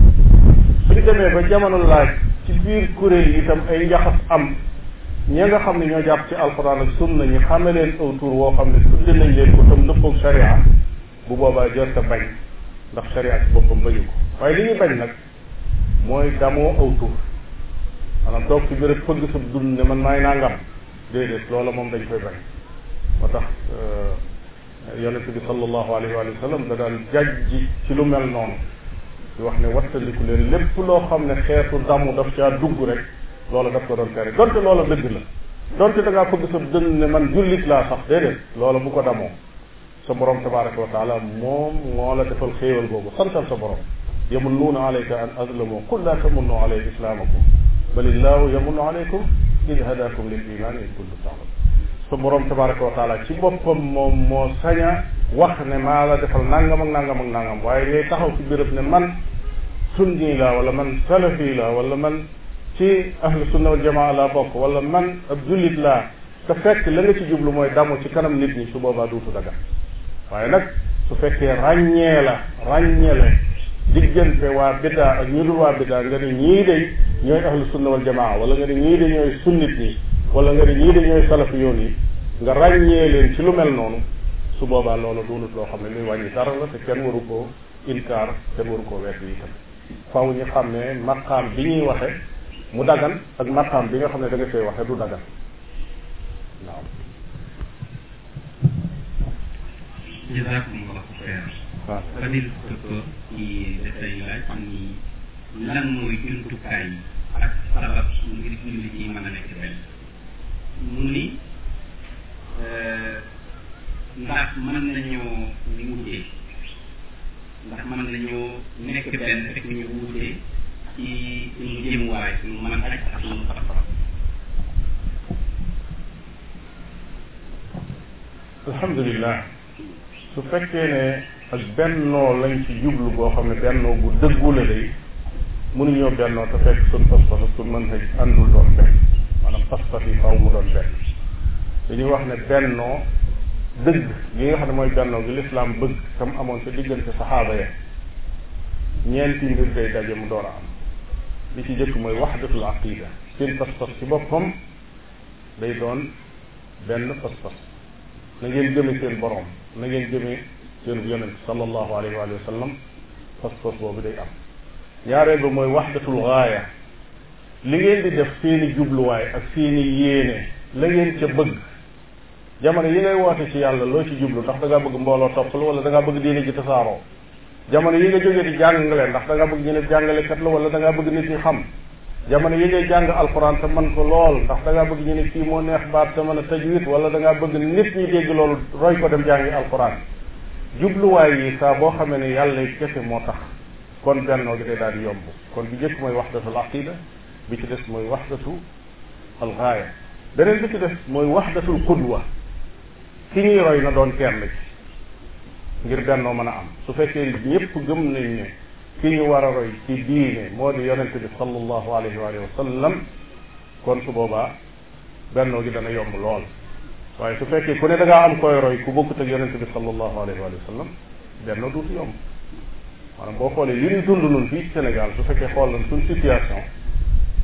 suñ demee ba jamono laaj ci biir kuréel yi itam ay njaxas am ñee nga xam ne ñoo jàpp ci alxuraan ak sunna ñi xame leen aw tur woo xam ne tudde nañ leen ko tam dëppoog sharia bu boobaa jot sa bañ ndax sharia ci boppam bañu ko waaye li ñu bañ nag mooy damoo aw tur maanaam toog ci béréb fëgg sa ne man maay nangam déedéet loola moom dañ koy bañ moo tax euh, yonente bi sallallahu alayhi wa sallam da daan jàjji ci lu mel noonu di wax ne wattandiku leen lépp loo xam ne xeetu damu daf caa dugg rek loola daf ko doon tere donte loola dëgg la donte da ngaa fëgg sa ne man jullit laa sax déedéet loola bu ko damoo sa borom tabaraka wa taala moom moo la defal xéewal boobu santal sa borom yamunnuuna alayka an aslamu qul laa bal illaahu yamunu aleykum id hadakum lil iman in kuntum taalamun su borom tabaraka wa taala ci boppam moom moo saña wax ne maa la defal nangam ak nangam ak nangam waaye ngay taxaw ci béréb ne man sunni la wala man salafi la wala man ci ahlu sunna wal jamaa la bokk wala man ab jullit laa te fekk la nga ci jublu mooy damu ci kanam nit ñi su boobaa duutu daga waaye nag su fekkee ràññee la ràññee la diggante waa bidaa ak ñu dul waa bidaa nga ne ñii de ñooy ahlu sunna jamaa wala nga ne ñii de ñooy sunnit ñi wala nga ne ñii de ñooy salafu yoon yi nga ràññee leen ci lu mel noonu su boobaa loolu doonut loo xam ne luy wàññi dara la te kenn waru koo inkaar kenn waru koo weesu itam faw ñu xam ne bi ñuy waxe mu dagan ak maqaam bi nga xam ne danga nga waxee du dagan waaw Fadil Toppo ci dafay laaj ni lan mooy jumtukaay yi ak sabab ngir julli ci mën a nekk benn mu ni ndax mën nañoo wuute ndax mën nañoo nekk benn fekk ñu wuute ci suñu jëmuwaay suñu mën a ak suñu pas-pas alhamdulilah su fekkee ne ak bennoo lañ ci jublu boo xam ne bennoo bu dëggu la day mënuñoo bennoo te fekk suñ pas-pas ak suñ mën a àndul doon benn maanaam pas-pas wax ne bennoo dëgg li nga xam ne mooy bennoo gi lislaam bëgg amoon sa diggante saxaaba ya ñeenti ci jëkk mooy waxdatul aqida seen ci boppam day doon benn pas-pas gëme seen borom na gëme seenub yonent sallallahu alayhi wa sallam pas-pas boobu day am ñaareel ba mooy waxdatul gaaya li ngeen di def seeni jubluwaay ak seeni yéene la ngeen ca bëgg jamono yi ngay woote ci yàlla loo ci jublu ndax da ngaa bëgg mbooloo toppal wala da ngaa bëgg diine ji tasaaroo jamono yi nga jógee di leen ndax da bëgg ñu ne jàngalekat la wala dangaa bëgg nit ñi xam jamono yi ngay jàng alxuraan te man ko lool ndax da bëgg ñu ne kii moo neex baat te mën a tajwid wala da bëgg nit ñi dégg loolu roy ko dem jàngi alxuraan jubluwaay yi saa boo xamee ne yàlla kese moo tax kon bennoo gi day daal di yomb kon bi njëkk mooy waxdatu al aqida bi ci des mooy waxdatu al gaaya beneen bi ci des mooy waxdatu al qudwa ki ñuy roy na doon kenn ci ngir bennoo mën a am su fekkee ñëpp gëm nañ ne ki ñu war a roy ci diine moo di yonente bi sallallahu alayhi wa sallam kon su boobaa bennoo gi dana yomb lool waaye su fekkee ku ne da ngaa am koy roy ku bokkut ak yonente bi sallallahu alayhi wa sallam benn duutu yomb maanaam boo xoolee li ñuy dund noonu fii Sénégal su fekkee xool nañ suñ situation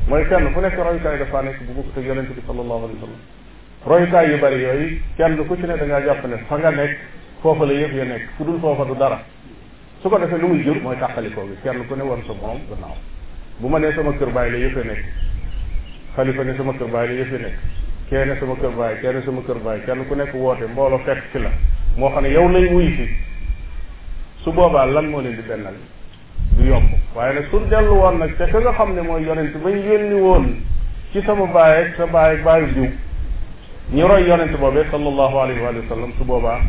mooy kenn ku nekk royukaay dafaa nekk bu bokkut ak yonente bi sallallahu alayhi wa sallam royukaay yu bari yooyu kenn ku ci ne da ngaa jàpp ne nekk foofa la yëf ya nekk fu dul foofa du dara su ko defee lu muy jur mooy tàqalikoo bi kenn ku ne war sa morom gannaaw bu ma sama kër bàyyi la yëf ya nekk xalifa ne sama kee ne sama kër baay sama kër baay kenn ku nekk woote mbooloo fekk ci la moo xam ne yow lay wuyu si su boobaa lan moo leen di bennal du yomb waaye nag suñ dellu woon nag te ka nga xam ne mooy yonent bañ yónni woon ci sama baay sa baay ak baayu diw ñu roy yonent boobee sallallahu alayhi wa sallam su boobaa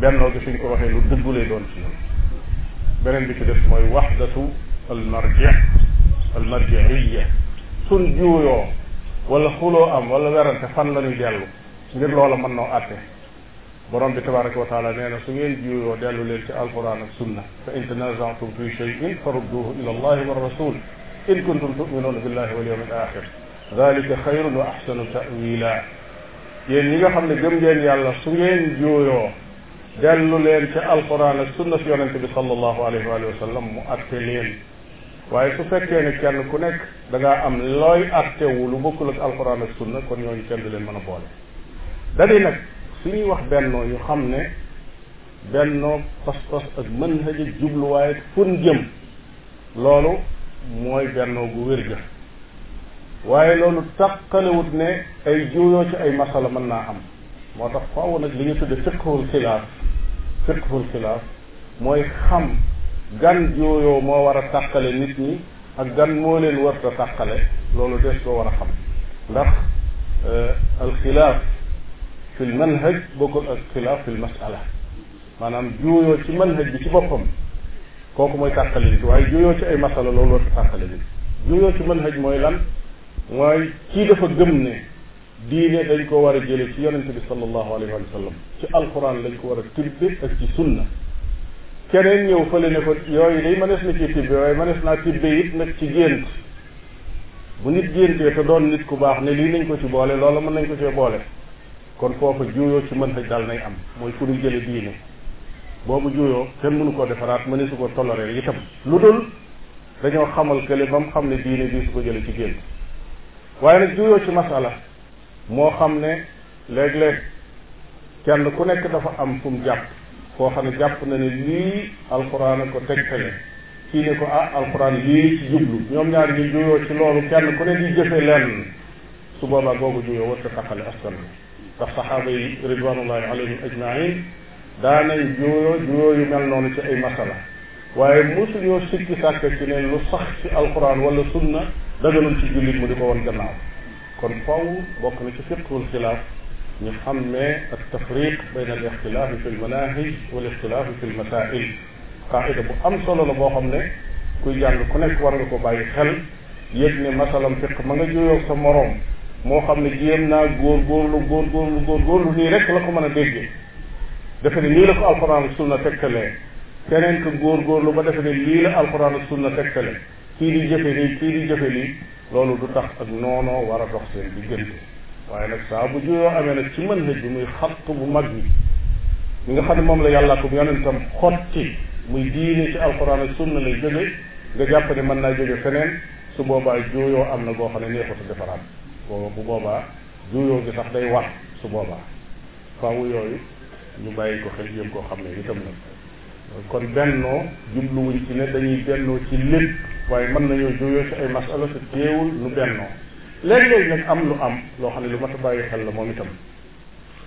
bennoo gi suñ ko lu dëggu lay doon ci beneen bi ci def mooy waxdatu al marji al marjiiya juuyoo wala xuloo am wala werante fan la ñuy dellu ngir loola mën noo àtte borom bi tabaraka wa taala nee na su ngeen juyoo dellu leen ci alquran ak sunna fa in tanazatum fi cheyin farudduhu ila allahi wa rasul in kuntum tuminuuna billahi wal yawmi al axir dalika xayrun wa axsanu tawila yéen ñi nga xam ne gëm ngeen yàlla su ngeen juyoo dellu leen ci alquran ak sunna si yonente bi sallallahu alayhi wa sallam mu atte leen waaye su fekkee ne kenn ku nekk dangaa ngaa am looy attewu lu bokkul ak alxuraan ak sunna kon ñooñu kenn du leen mën a boole dadi nag suñuy wax bennoo ñu xam ne bennoo pas-pas ak mën haj ak jubluwaay ak fun jëm loolu mooy bennoo gu wér ga waaye loolu taqalewut ne ay juuyoo ci ay masala mën naa am moo tax faaw nag li ñu tudde fiqhul xilaaf fiqhul xilaaf mooy xam gan jooyoo moo war a tàqale nit ñi ak gan moo leen warta tàqale loolu des ko war a xam ndax euh, alxilaaf fi l manhaj bokkul ak xilaaf fi l masala maanaam jooyoo ci manhaj bi ci boppam kooku mooy tàqale nit waaye jooyoo ci ay masala loolu warta tàqale nit jooyoo ci manhaj mooy lan mooy kii dafa gëm ne diine dañ ko war a jële ci yonente bi sallallahu alayhi wa ci alquran lañ ko war a tudde ak ci sunna keneen ñëw fële ne ko yooyu day mënees na ci tibbe waaye mënees naa bi it nag ci gént bu nit géntee te doon nit ku baax ne lii nañ ko ci boole loola mën nañ ko ci boole kon foofa juuyoo ci mën xëj dal nay am mooy fu ñu jële diine boobu juuyoo kenn mënu koo defaraat mëne su ko toléré itam lu dul dañoo xamal kële ba mu xam ne diine bii su ko jële ci gént waaye nag juyoo ci masala moo xam ne léeg-léeg kenn ku nekk dafa am fu mu jàpp koo xam ne jàpp na ne lii alquran a ko tegtale kii ne ko ah alquran lii ci jublu ñoom ñaar ñu juyoo ci loolu kenn ku ne di jëfe lenn su boobaa googu juyoo war a taxale askan ndax saxaaba yi ridwanullahi alayhim ajmain daanañ juyoo juyoo yu mel noonu ci ay masala waaye mosuñoo sikki sàkk ci ne lu sax ci alquran wala sunna daganul ci jullit mu di ko woon gannaaw kon faw bokk na ci fiqhul xilaaf ñu xam ne ak tafriq bayn al ixtilaafi fi lmanahij wal ixtilaafi fi lmasail qaida bu am solo la boo xam ne kuy jàng ku nekk war nga ko bàyyi xel yëg ne masalam fiq ma nga juyoo sa moroom moo xam ne jéem naa góor góorlu góor góorlu góor góor góorlu nii rek la ko mën a dégge defe ne nii la ko alquran ak sunna tegtalee keneen ko góor lu ba defe ne lii la alquran ak sunna tegtale kii di jëfe nii kii di jëfe nii loolu du tax ak noonoo war a dox seen diggante waaye nag saa bu juyoo amee nag ci mën hëj bi muy xatt bu mag bi nga xam ne moom la yàlla ko yonentam xotti muy diine ci alxuraan ak sunna lay jóge nga jàpp ne mën naa jóge feneen su boobaa juyoo am na boo xam ne neexutu defaraat booba bu boobaa juyoo gi sax day war su boobaa faaw yooyu ñu bàyyi ko xel yéen koo xam ne itam nag kon bennoo jubluwuñ ci ne dañuy bennoo ci lépp waaye mën nañoo juyoo ci ay masala te teewul nu bennoo léeg-léeg nag am lu am loo xam ne lu mat a bàyyi xel la moom itam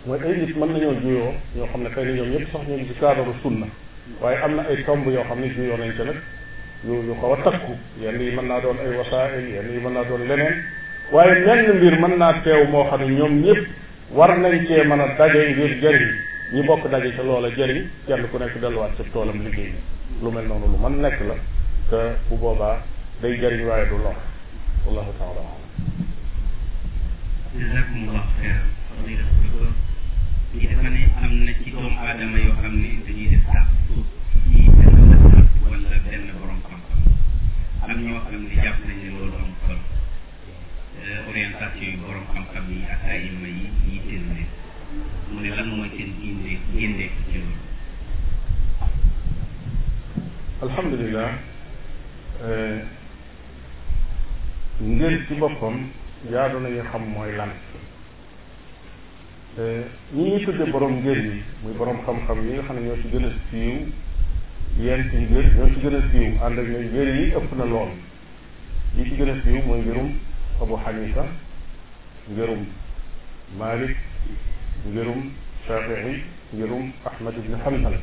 mooy ay nit mën nañoo juyoo ñoo xam ne xëy na ñoom ñëpp sax ñu ngi ci kaadaru sunna waaye am na ay tomb yoo xam ne juyoo nañ ko nag xaw a takku yenn yi mën naa doon ay wasaa'il yenn yi mën naa doon leneen waaye menn mbir mën naa teew moo xam ne ñoom ñëpp war nañ cee mën a daje ngir jëriñ ñi bokk daje ca loola jëriñ kenn ku nekk delluwaat ca toolam liggéey lu mel noonu lu mën nekk la te bu boobaa day jëriñ waaye du lor wallahu taala jazakumullahu xeeran fadila docteur ne am na ci doomu aadama yoo xam ne dañuy def sax ci benn mësal wala benn borom xam-xam am ñoo xam ne jàpp ne loolu am solo orientation borom xam-xam yi ak ay ima yi yi teel ne mu ne lan mooy seen gindee gindee ci loolu alhamdulilah eh, ngeen ci boppam jaadu nañu xam mooy lan ñi ñuy tudde borom ngër yi muy borom xam-xam yi nga xam ne ñoo ci gën a siiw yenn ci ngër ñoo ci gën a siiw ànd ak ñoom yi ëpp na lool yi ci gën a siiw mooy ngërum Abu Hanifa ngërum Malik ngërum Shafii ngërum Ahmad ibn Hanbal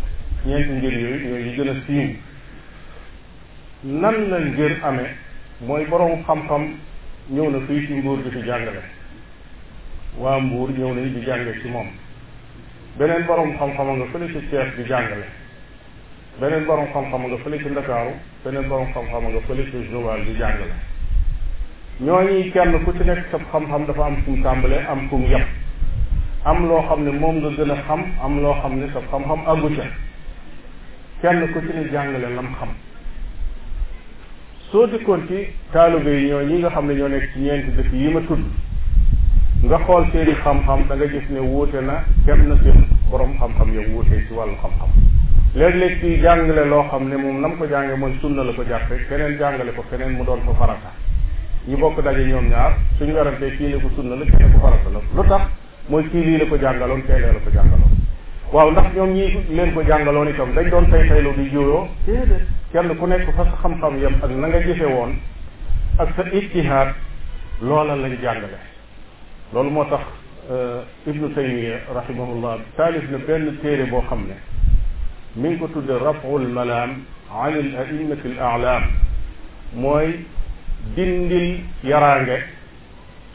ñeenti ngër yooyu ñooy yi gën a siiw nan la ngër amee mooy borom xam-xam ñëw na fii ci Mbuur di fi jàngale waa Mbuur ñëw nañ di jànge ci moom beneen boroom xam-xam a nga fële ci Cees di jàngale beneen boroom xam-xam a nga fële ci Ndakaaru beneen borom xam-xam a nga fële ci Joal di jàngale ñooñu kenn ku ci nekk sa xam-xam dafa am fu mu am fu mu am loo xam ne moom nga gën a xam am loo xam ne sa xam-xam àggu ca kenn ku ci ne jàngale lam xam soo dëkkoon ci taalibe bi ñoo ñi nga xam ne ñoo nekk ci ñeenti dëkk yi ma tudd nga xool seeni xam-xam da nga gis ne wuute na kenn na ci boroom xam-xam yow wuutee ci wàllu xam-xam léeg-léeg ci jàngale loo xam ne moom na nam ko jànge man sunna la ko jàppe keneen jàngale ko keneen mu doon ko farata ñu bokk daje ñoom ñaar suñ werantee kii ne ko sunna la kii ne ko farata la lu tax mooy kii lii la ko jàngaloon teelee la ko jàngaloon waaw ndax ñoom ñi leen ko jàngaloon itam dañ doon tay taylu di juuyoo déedéet kenn ku nekk fa sa xam-xam yam ak na nga jëfe woon ak sa ijtihaad loola lañ jàngale loolu moo tax euh, ibnu taymiya rahimahullah taalif na benn téere boo xam ne mu ngi ko tudde raful malaam an al a'immati al a'laam mooy dindil yaraange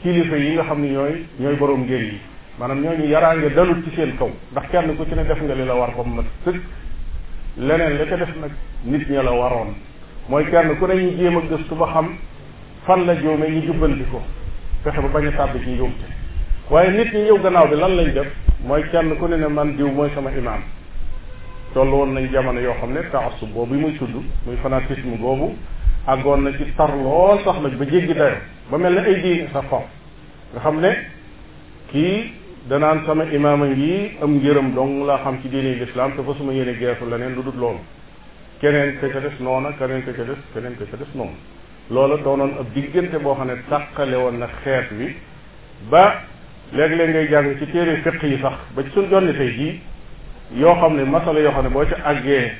kilifa yi nga xam ni ñooy ñooy borom ngër yi maanaam ñooñu yaraange dalut ci seen kaw ndax kenn ku ci ne def nga li la war ko mu mat leneen li ko def nag nit ñi la waroon mooy kenn ku ne ñu jéem a gëstu ba xam fan la jóome ñu jubbanti ko pexe ba bañ a tàbbi ci njuumte waaye nit ñi ñëw gannaaw bi lan lañ def mooy kenn ku ne ne man diw mooy sama imaam toll woon nañ jamono yoo xam ne taasub boobu muy tudd muy fanatisme boobu àggoon na ci tar lool sax nag ba jéggi dayo ba mel ni ay diine sa faw xam ne kii danaan sama a ngi am ngërëm dong laa xam ci diine lislaam te fasuma yéene geesu leneen lu dul loolu keneen ka ca des noona keneen ka ca des keneen ka ca des noonu loola doonoon ab diggante boo xam ne tàqale woon na xeet wi ba léeg-léeg ngay jàng ci téere fiq yi sax ba ci suñ jonni tey jii yoo xam ne masala yoo xam ne boo ci àggee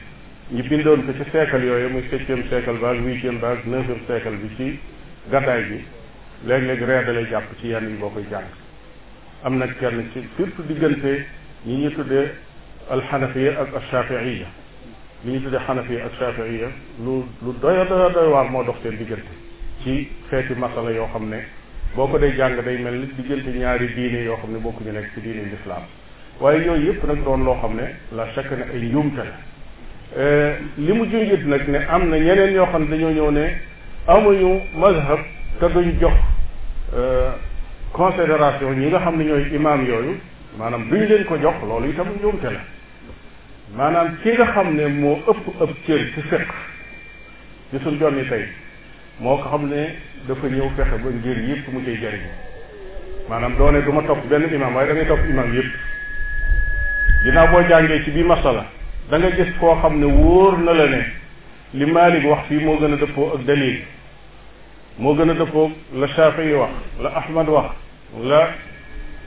ngi bindoon ko ci siècle yooyu muy septième siècle baag huitième baag neuvième siècle bi ci gàddaay bi léeg-léeg reer lay jàpp ci yenn yi boo koy jàng am na kenn ci surtout diggante ñi ñu tuddee alxanafiya ak alshaafiiya li ñu tuddee xanafiya ak shaafiiya lu lu doya doya doy waar moo dox seen diggante ci xeeti masala yoo xam ne boo ko dee jàng day mel ni diggante ñaari diine yoo xam ne bokkuñu nekk ci diine lislaam waaye yooyu yëpp nag doon loo xam ne la chaque ne ay njuumte la eh, li mu junjit nag ne am na ñeneen yoo xam ne dañoo ñëw ne amuñu mazhab te duñ jox eh, considération ñi nga xam ne ñooy imaam yooyu maanaam duñ leen ko jox loolu itam njuumte la maanaam ki nga xam ne moo ëpp ëpp cër ci fiq ci suñ jonni tey moo ko xam ne dafa ñëw fexe ba ngir yëpp mu ciy jëriñu maanaam doone du ma topp benn imaam waaye da ngay topp imaam yëpp ginnaaw boo jàngee ci bii masala da nga gis koo xam ne wóor na la ne li Maalik wax fii moo gën a dëppoo ak dalil moo gën a dëppoo la Shafii wax la Ahmad wax la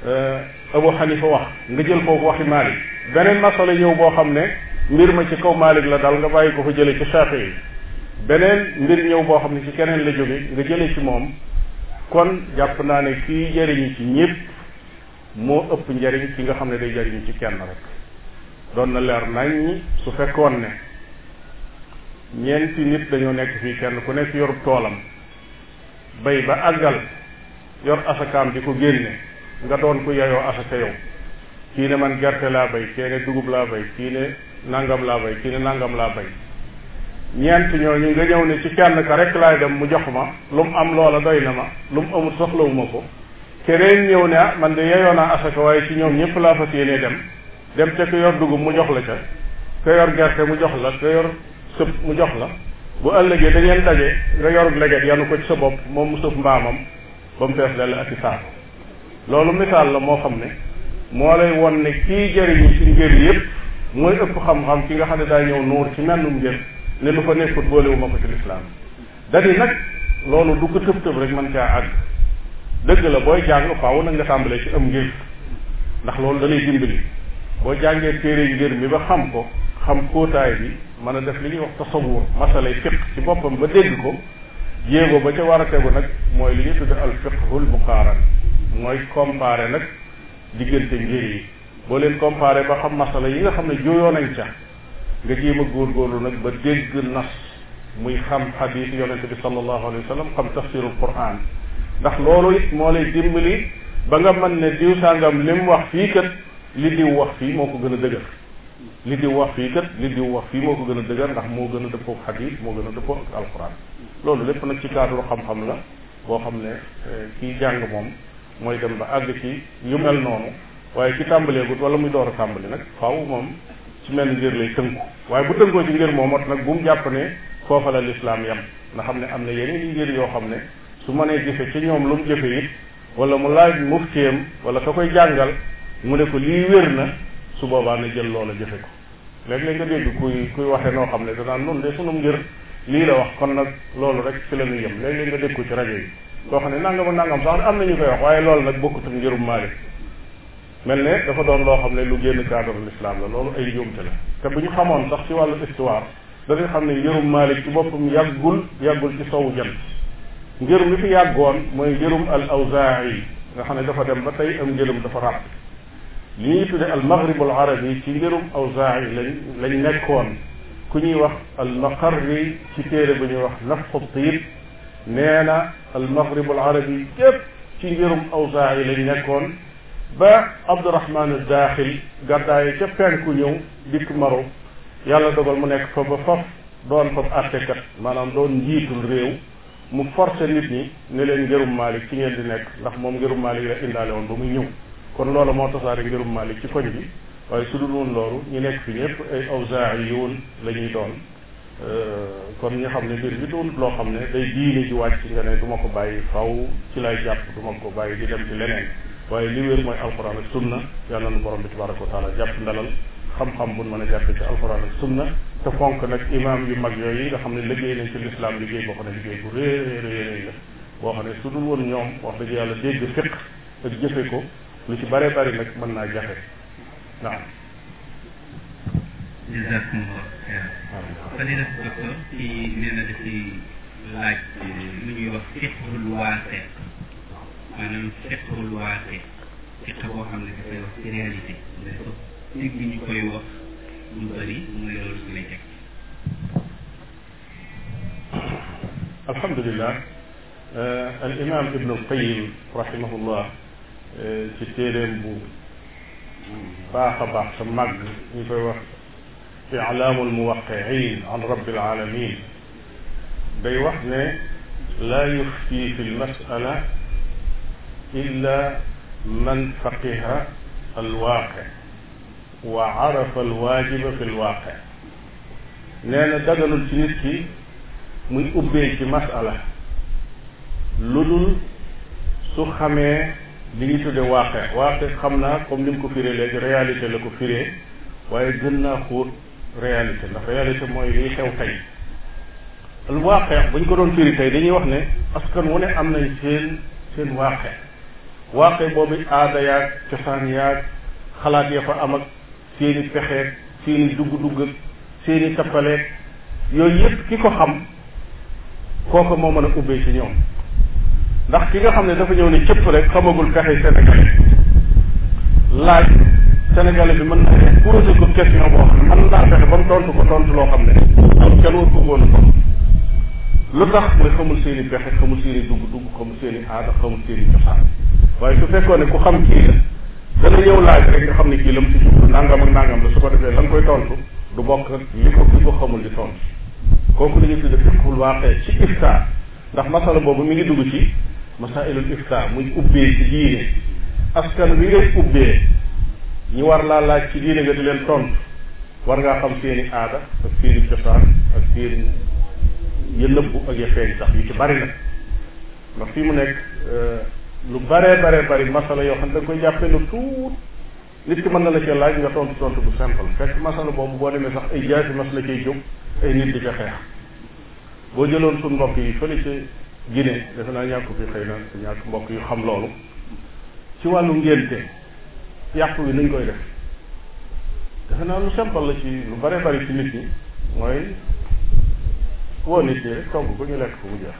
euh, Abu Xanifa wax nga jël foofu waxi Malik beneen masala ñëw boo xam ne mbir ma ci kaw Malik la dal nga bàyyi ko fa jëlee ci Shafii beneen mbir ñëw boo xam ne ci keneen la jóge nga jëlee ci moom kon jàpp naa ne kii jëriñu ci ñëpp moo ëpp njariñ ki nga xam ne day jëriñu ci kenn rek doon na leer nañ su fekkoon ne ñeenti nit dañoo nekk fii kenn ku nekk yorub toolam bay ba àggal yor asakaam di ko génne nga doon ku yeyoo asaka yow kii ne man gerte laa bay kii dugub laa bay kii ne nangam laa bay kii ne nangam laa bay ñeent ñooñu nga ñëw ne ci kenn ka rek laay dem mu jox ma lu mu am loola doy na ma lu mu amul soxlawuma ko keneen ñëw ne ah man de yeyoo naa asaka waaye ci ñoom ñëpp laa fas yéenee dem dem ca ku yor dugub mu jox la ca ka yor gerte mu jox la ka yor sëb mu jox la bu ëllëgee da ngeen daje nga yorug leget yanu ko ci sa bopp moom mu sëf mbaamam ba mu fees dell ak i saako loolu misaal la moo xam ne moo lay won ne kii jëriñu ci ngir yëpp mooy ëpp xam-xam ki nga xam ne daa ñëw nuur ci mennum ngir ne lu fa nekkut boolewuma ko ci lislaam dadi nag loolu dugg ko tëb tëb rek mën caa àgg dëgg la booy jàng faaw na nga tàmbalee ci am ngir ndax loolu da lay dimbali boo jàngee téere ngir mi ba xam ko xam kóotaay bi mën a def li ñuy wax tasawur masalay fiq ci boppam ba dégg ko jéego ba ca war a tegu nag mooy li ñuy tudde al fiqhul muqaaran mooy comparé nag diggante mbir yi boo leen comparé ba xam masala yi nga xam ne juyoo nañ ca nga jéem a góorlu nag ba dégg nas muy xam xadiis yonente bi sallallahu alayhi wa sallam xam tafsirul quran ndax loolu it moo lay dimbali ba nga mën ne diw sàngam li wax fii kat li diw wax fii moo ko gën a dëgër li di wax fii kat li di wax fii moo ko gën a dëgër ndax moo gën a dëppoo ak xadiis moo gën a dëppoo ak alxuraan loolu lépp nag ci cadre xam-xam la boo xam ne eh, kiy jàng moom mooy dem ba àgg ci yu mel noonu waaye ci tàmbaleegut wala muy door a tàmbali nag faaw moom ci mel ngir lay tënku waaye bu tënkoo ci ngir moom mat nag bu mu jàpp ne foofa la lislaam yam nga xam ne am na yeneen yi ngir yoo xam ne su ma mënee jëfe ci ñoom lu mu jëfe it wala mu laaj wala ka koy jàngal mu ne ko lii wér na su boobaa na jël loola jëfe ko léeg-léeg nga dégg kuy kuy waxe noo xam ne danaan noonu de sunu ngir lii la wax kon nag loolu rek ci la ñu yem léeg-léeg nga dégg ko ci rajo yi koo xam ne nangam ak nangam sax am na koy wax waaye loolu nag bokkutul ngirum Maalik mel ne dafa doon loo xam ne lu génn cadre l'islam la loolu ay njuumte la bu ñu xamoon sax ci wàllu histoire danañ xam ne ngirum Maalik ci boppam yàggul yàggul ci sowu jant ngirum li fi yàggoon mooy ngirum al Awzaa'i nga xam ne dafa dem ba tey am ngirum dafa ràpp li ñuy tudde al maghrib al arabi ci mbirum awzaa'i lañ lañ nekkoon ku ñuy wax al maqarri ci téere bu ñuy wax nafxu tiib nee na al maghrib al arabi yépp ci mbirum awzaa'i lañ nekkoon ba abdurahman al daaxil gàddaaye ca ku ñëw dikk maro yàlla dogal mu nekk fa ba doon fab àttekat maanaam doon njiitul réew mu forcé nit ñi ne leen ngirum maalik ci ngeen di nekk ndax moom ngirum maalik la indaale woon ba muy ñëw kon loola moo tasaare ngirum Malik ci koñ bi waaye su dul woon loolu ñu nekk fi ñëpp ay awzaa'iyuun la ñuy doon euh, kon ñu xam ne mbir mi doon loo xam ne day diine ji wàcc nga ne du ma ko bàyyi faw ci lay jàpp du ma ko bàyyi di dem ci leneen waaye li wér mooy alxuraan ak sunna yàlla nu borom bi tabaraka wa taala jàpp ndalal xam-xam bu mën a jàppe ci alxuraan ak sunna te fonk nag imaam yu mag yooyu nga xam ne liggéey nañ ci lislaam liggéey boo xam ne liggéey bu réy réy réy la boo woon ñoom wax dëgg yàlla dégg fiq ak ko lu ci bare bari nag mën naa jafe naam jazakumullah xeer fan yi def docteur ci nee na dafay laaj lu ñuy wax fiqhul waase maanaam fiqhul waase fiq boo xam ne dafay wax ci réalité dafa dégg ñu koy wax lu bëri mu ne loolu si lay teg alhamdulilah euh, al imam ibnu qayim rahimahullah Eh, ci téeréem bu baax a baax sa màgg ñu koy wax i'laamul muwaqqi'in an rabbil alamin day wax ne laa yufti fi lmasala illa man faqiha alwaaqi wa arafa alwaajiba fi lwaaqi nee na daganul ci nit ki muy ubbee ci masala lu dul su xamee li ñuy tudde waaqe waaqe xam naa comme ni ko firee léegi réalité la ko firee waaye gën naa xóot réalité ndax réalité mooy liy xew tey al waaqe ñu ko doon firi tey dañuy wax ne askan wu ne am nañ seen seen waaqe waaqe boobu aada yaag cosaan yaag xalaat ya fa am ak seen i pexeeg dugg-dugg ak seen i yooyu yëpp ki ko xam kooku moo mën a ubbee ci ñoom ndax ki nga xam ne dafa ñëw ne cëpp rek xamagul pexe sénégalais laaj sénégalais bi mën na posé ko question boo xam ne mën naa fexe ba mu tontu ko tontu loo xam ne loolu kenn ko woon a lu tax mooy xamul seen i pexe xamul seen i dugg dugg xamul seen i aada xamul seen cosaan waaye su fekkoon ne ku xam kii la dana ñëw laaj rek nga xam ne kii la mu si jublu nangam ak nangam la su ko defee la nga koy tontu du bokk li ko li ko xamul di tontu kooku la ñuy tudde fiqhul waaqe ci iftaar ndax masala boobu ci masailul ifta muy ubbee ci diine askan wi ngay ubbee ñi war laa laaj ci diine nga di leen tontu war ngaa xam seeni aada ak seeni cosaan ak seeni ya nëbbu ak ya feeñ sax yu ci bari nag fii mu nekk eh, lu bare baree bari masala yoo xam ne da nga koy jàppee lu tuut nit ki mën na la cee laaj nga tontu tontu bu simple fekk masala boobu boo demee sax ay jaasi mas la cay jóg ay nit di ca xeex boo jëloon suñ mbokk yi Guinée defe naa ñàkk fi xëy na su ñàkk mbokk yu xam loolu ci wàllu ngénte yàpp wi nañ koy def defe naa lu simple la ci lu bare bari ci nit ñi mooy woo nit ñi rek togg ko ñu lekk ko mu jeex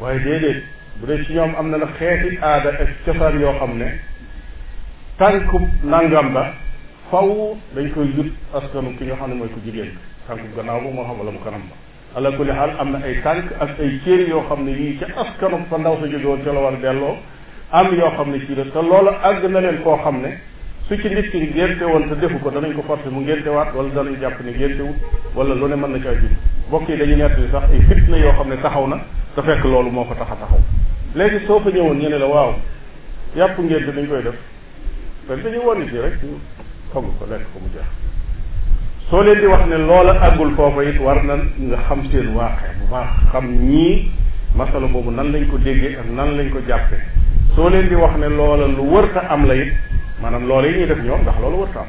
waaye déedéet bu dee ci ñoom am na nag xeeti aada ak cosaan yoo xam ne tànkub nangam la faw dañ koy jut askanu ki nga xam ne mooy ku jigéen tànkub gannaaw ba moo xam wala mu kanam ba ala kulli xaal am na ay tànk ak ay cër yoo xam ne yii ci askanam fa ndaw sa jóge woon ca la war delloo am yoo xam ne ci la te loola àgg na leen koo xam ne su ci nit ki ngénte woon te defu ko danañ ko forcé mu waat wala danañ jàpp ne ngéntewut wala lu ne mën na caa jur bokk yi dañuy nettali sax ay fitna yoo xam ne taxaw na te fekk loolu moo ko tax a taxaw léegi soo fa ñëwoon ñu ne la waaw yàpp ngénte dañ koy def te dañuy won nit yi rek togg ko lekk ko mu jeex soo leen di wax ne loola àggul foofa it war na nga xam seen waaxe bu baax xam ñii masala boobu nan lañ ko déggee ak nan lañ ko jàppe soo leen di wax ne loola lu wërta am la it maanaam loola yi ñuy def ñoom ndax loola wërta am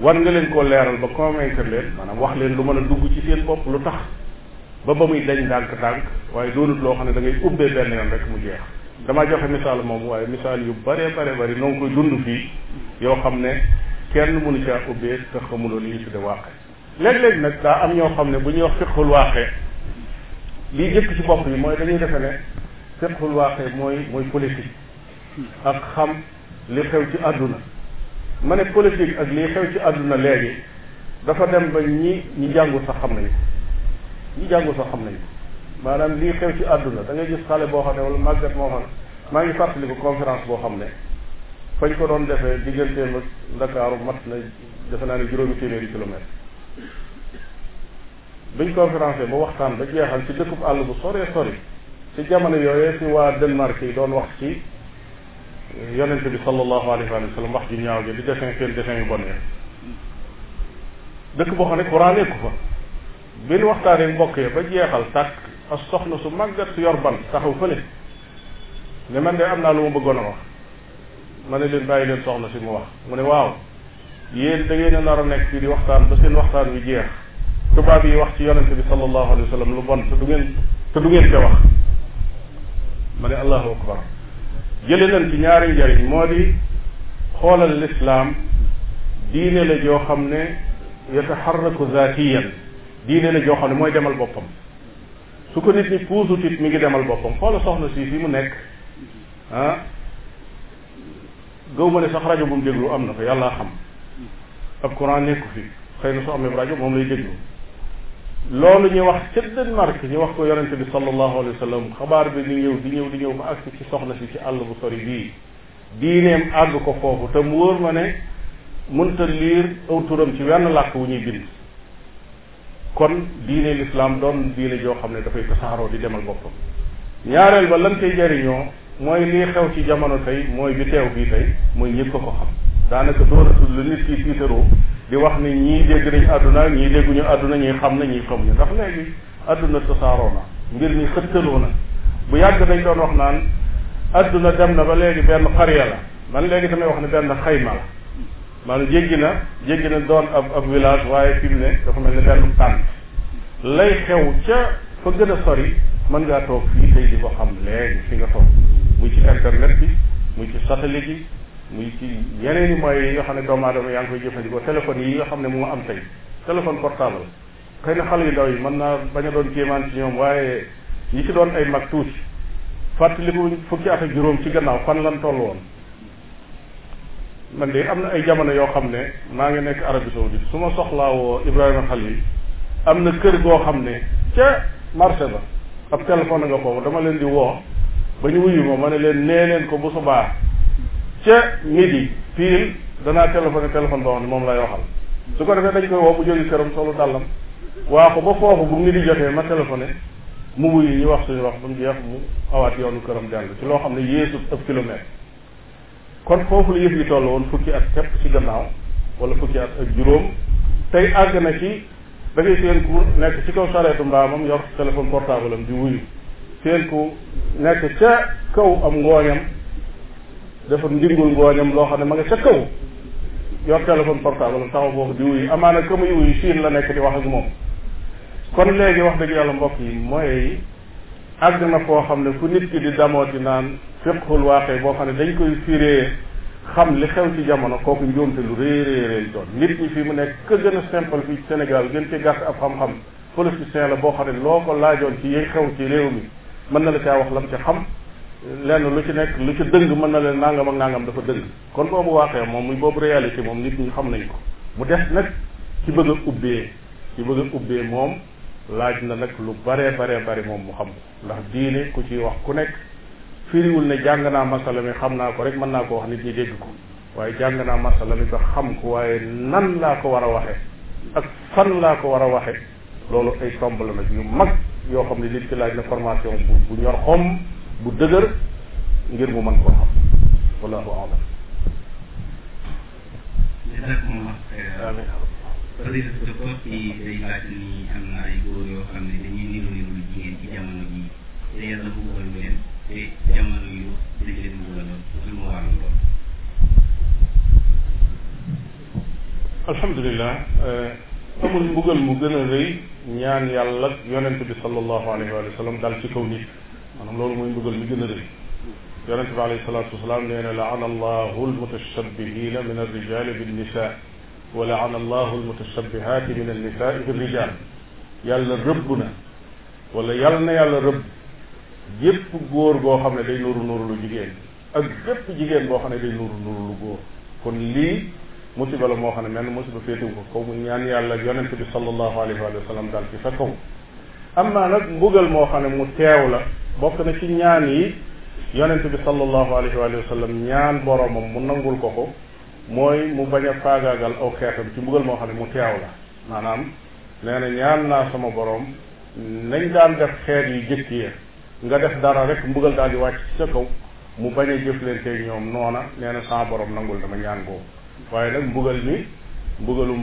war nga leen koo leeral ba convaincre leen maanaam wax leen lu mën a dugg ci seen bopp lu tax ba ba muy dañ ndànk-ndànk waaye doonut loo xam ne da ngay ubbee benn yoon rek mu jeex damaa joxe misaal moom waaye misaal yu bare bare bari noo ngi koy yoo xam ne kenn mënu caa ubbee te xamuloo li ñu tudde waaqe léeg-léeg nag daa am ñoo xam ne bu ñuy wax fiqhul waaqe lii jëkk ci bopp yi mooy dañuy defe ne fiqhul waaqe mooy mooy politique ak xam li xew ci àdduna ma ne politique ak lii xew ci àdduna léegi dafa dem ba ñi ñi jàngul sax xam nañu ko ñi jàngul sax xam nañu ko lii xew ci àdduna da ngay gis xale boo xam ne wala màggat moo xam ne maa ngi fàttaliku conférence boo xam ne fañ ko doon defee digganteem ak Ndakaaru mat na defe naa ne juróomi téeméeri kilomètre biñ conférencé ba waxtaan ba jeexal ci dëkkub àll bu soree sori ci jamono yooyee ci waa Danemark yi doon wax ci yonente bi sallallahu alayhi wa sallam wax ju ñaaw ji di dessin seen dessin yu bon ya dëkk boo xam ne courant nekku fa bi nu waxtaanee mbokk ya ba jeexal tàkk as soxna su màggat su yor ban taxaw fële ne man de am naa lu ma bëggoon a wax ma ne leen bàyyi leen soxna si mu wax mu ne waaw yéen da ngeen a nekk fii di waxtaan ba seen waxtaan wi jeex tubaab yi wax ci yonente bi sallallahu alayhi wa lu bon te du ngeen te du ngeen te wax ma ne allahu akbar jële nañ ci ñaari njariñ moo di xoolal lislaam diine la joo xam ne yataxarraku zaatiyan diine la joo xam ne mooy demal boppam su ko nit ñi puusutit mi ngi demal boppam xoola soxna si fi mu nekk ah gaw ma ne sax rajo bu mu déglu am na ko yàlla xam ab courant nekku fi xëy na su amee rajo moom lay déglu loolu ñu wax ca Danemark ñu wax ko yonente bi sallallahu alayhi wa sallam xabaar bi di ñëw di ñëw di ñëw ba agsi ci soxna si ci àll bu sori bii diineem àgg ko foofu te mu wóor ma ne mënta liir aw turam ci wenn làkk wu ñuy bind kon diine lislaam doon diine joo xam ne dafay tasaaroo di demal boppam ñaareel ba lan jariñoo mooy lii xew ci jamono tey mooy bi teew bii tey mooy ñëpp ko ko xam daanaka doonatul lu nit ki tiitaroo di wax ni ñii dégg nañ àdduna ñii dégguñu àdduna ñii xam na ñii xamuñu ndax léegi àdduna tasaaroo na mbir mi xëttaloo na bu yàgg dañ doon wax naan àdduna dem na ba léegi benn xariya la man léegi damay wax ne benn xayma la maanaam jéggi na jéggi na doon ab ab village waaye fi mu ne dafa mel ne benn tànn lay xew ca fa gën a sori mën ngaa toog fii tey di xam léegi fi nga toog muy ci internet bi mu ci satellite bi mu ci yeneen i moyens yi nga xam ne doomu aadama yaa ngi koy jëfandikoo téléphone yi nga xam ne moo am tey téléphone portable xëy na xale yu ndaw yi mën naa bañ a doon kéemaan ci ñoom waaye ñi ci doon ay mag tuuti fàttaliku fukki at ak juróom ci gannaaw fan lan toll woon man de am na ay jamono yoo xam ne maa ngi nekk Arabie Saoudite su ma soxlaawoo xal Khalil am na kër goo xam ne ca marché ba ab téléphone nga foofu dama leen di woo ba ñu wuyu ma ma ne leen nee leen ko bu subaa ca midi fii danaa téléphoné téléphone boo xam ne moom lay waxal su ko defee dañ koy woo bu jógee këram solo dàllam waa ko ba foofu bu ngi jotee ma téléphoné mu wuyu ñu wax suñu wax ba mu jeex mu awaat yoonu këram jàng ci loo xam ne yéesu ëpp kilomètre kon foofu la yëf yi toll woon fukki at képp ci gannaaw wala fukki at ak juróom tey àgg na ci da seen ku nekk ci kaw sareetu mbaamam yor téléphone portable am di wuyu seen ku nekk ca kaw am ngooñam dafa ndirimul ngooñam loo xam ne ma nga ca kaw yor téléphone portable taxaw boo ko di wuyu amaana ka muy wuyu Chine la nekk di wax ak moom kon léegi wax dëgg yàlla mbokk yi mooy àgg na foo xam ne fu nit ki di damoo di naan fiqhul waaqe boo xam ne dañ koy firee xam li xew ci jamono kooku njuumte lu rëy rëy rëy nit ñi fii mu nekk ka gën a simple fii Sénégal gën ci gàtt ab xam-xam politicien la boo xam ne loo ko laajoon ci xew ci réew mi mën na la caa wax lam ca xam lenn lu ci nekk lu ci dëng mën na leen nangam ak nangam dafa dëng kon boobu waaxee moom muy boobu réalité moom nit ñu xam nañ ko mu des nag ci bëgg a ubbee ci bëgg a ubbee moom laaj na nag lu baree baree bari moom mu xam ndax diine ku ciy wax ku nekk firiwul ne jàng naa masala mi xam naa ko rek mën naa ko wax nit ñi dégg ko waaye jàng naa masala mi ba xam ko waaye nan laa ko war a waxe ak fan laa ko war a waxe loolu ay tomb la nag mag yoo xam ne liñ ci laaj la formation bu bu ñor xom bu dëgër ngir mu mën koo xam wallahu alam amiin président docteur bi day laaj ni am na ay góor yoo xam ne dañuy niru niru jigéen ci jamono ji te yàlla bëggoon leen te jamono yu dañ leen bëggaloon lu mu waral lool alhamdulilah euh, amul mbugal mu gën a rëy ñaan yàlla yonent bi sallallahu alayhi wa sallam dal ci kaw nit maanaam loolu mooy mbugal mi gën a rëy yonent bi alayhi salaatu wasalaam nee na laana allahu almutashabbihina min alrijali binnisa wa laana allahu almutashabbihaati min annisai birrijal yàlla rëbb na wala yàlla na yàlla rëbb gépp góor goo xam ne day nuru nuru lu jigéen ak gépp jigéen boo xam ne day nuru nuru lu góor kon lii musiba la moo xam ne mel musiba féetewu ko kaw mu ñaan yàlla yonent bi sallallahu alayhi wa sallam daal ci sa kaw amma nag mbugal moo xam ne mu teew la bokk na ci ñaan yi yonent bi sallallahu alayhi wa sallam ñaan boromam mu nangul ko ko mooy mu bañ a faagaagal aw xeetam ci mbugal moo xam ne mu teew la maanaam nee na ñaan naa sama borom nañ daan def xeet yu jëkk ya nga def dara rek mbugal daal di wàcc ci sa kaw mu bañ a jëflanteeg ñoom noona nee na sama borom nangul dama ñaan boobu waaye nag mbugal ni mbugalum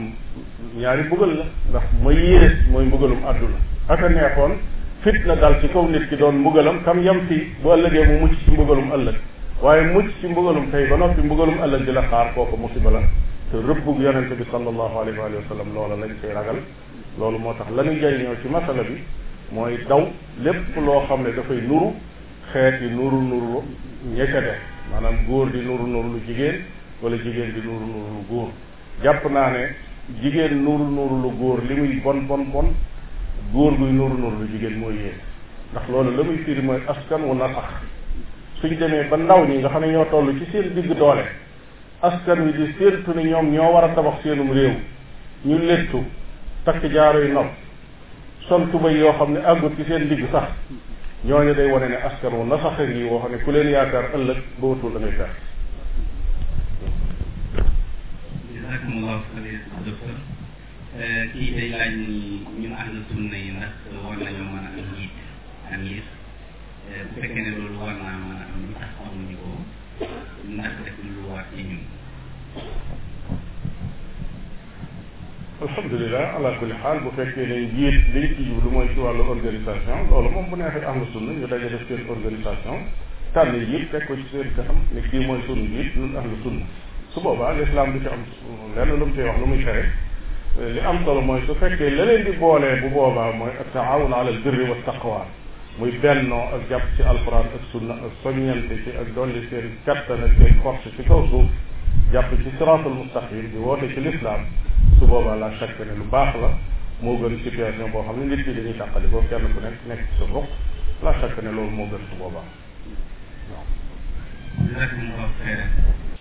ñaari mbugal la ndax ma yées mooy mbugalum àdduna aka neexoon fitna daal ci kaw nit ki doon mbugalam kam yam si bu ëllëgee mu mucc ci mbugalum ëllëg waaye mucc ci mbugalum tey ba noppi mbugalum ëllëg di la xaar koo kooku musiba la te rëbbug yonente bi sallallahu alayhi wa sallam loola lañ koy ragal loolu moo tax la ñu jëriñoo ci masala bi mooy daw lépp loo xam ne dafay nuru xeet yi nuru nuru ñecca def maanaam góor di nuru nuru lu jigéen wala jigéen di nuuru nuuru lu góor jàpp naa ne jigéen nuuru nuuru lu góor li muy bon bon bon góor guy nuuru nuuru lu jigéen moo yéen ndax loolu la muy firi mooy askan wu nasax suñ demee ba ndaw ñi nga xam ne ñoo toll ci seen digg doole askan wi di séentu ne ñoom ñoo war a tabax seenum réew ñu lettu takk jaaro yu nopp sol tubay yoo xam ne àggut ci seen digg sax ñoo ñooñu day wane ne askan wu nasax a ngi woo xam ne ku leen yaakaar ëllëg boo la ngay perte jazakumullahu xayran docteur euh, kii day laaj ni ñun ahlu sunna yi ndax war nañoo mën a am njiit amir euh, bu fekkee ne loolu war naa mën a am lu tax amuñu ko ndax def lu war ci ñun alhamdulilah ala kulli xaal bu fekkee ne njiit liñ ci jublu mooy ci wàllu organisation loolu moom bu neexee ahlu sunna ñu daje def seen organisation tànn njiit teg ko ci seen kanam ne kii mooy sunu njiit ñun ahlu sunna su boobaa lislaam du ci am lenn lu mu ciy wax lu muy tere li am solo mooy su fekkee la leen di boolee bu boobaa mooy ak taawun ala al birri wa taqwa muy bennoo ak jàpp ci alquran ak sunna ak soññante ci ak dolli seen kattan ak seen force ci kaw suuf jàpp ci siraatul mustaqim di woote ci lislaam su boobaa la chaque ne lu baax la moo gën situation boo xam ne nit ñi dañuy tàqali boo kenn ku nekk nekk ci sa la chaque ne loolu moo gën su boobaa waaw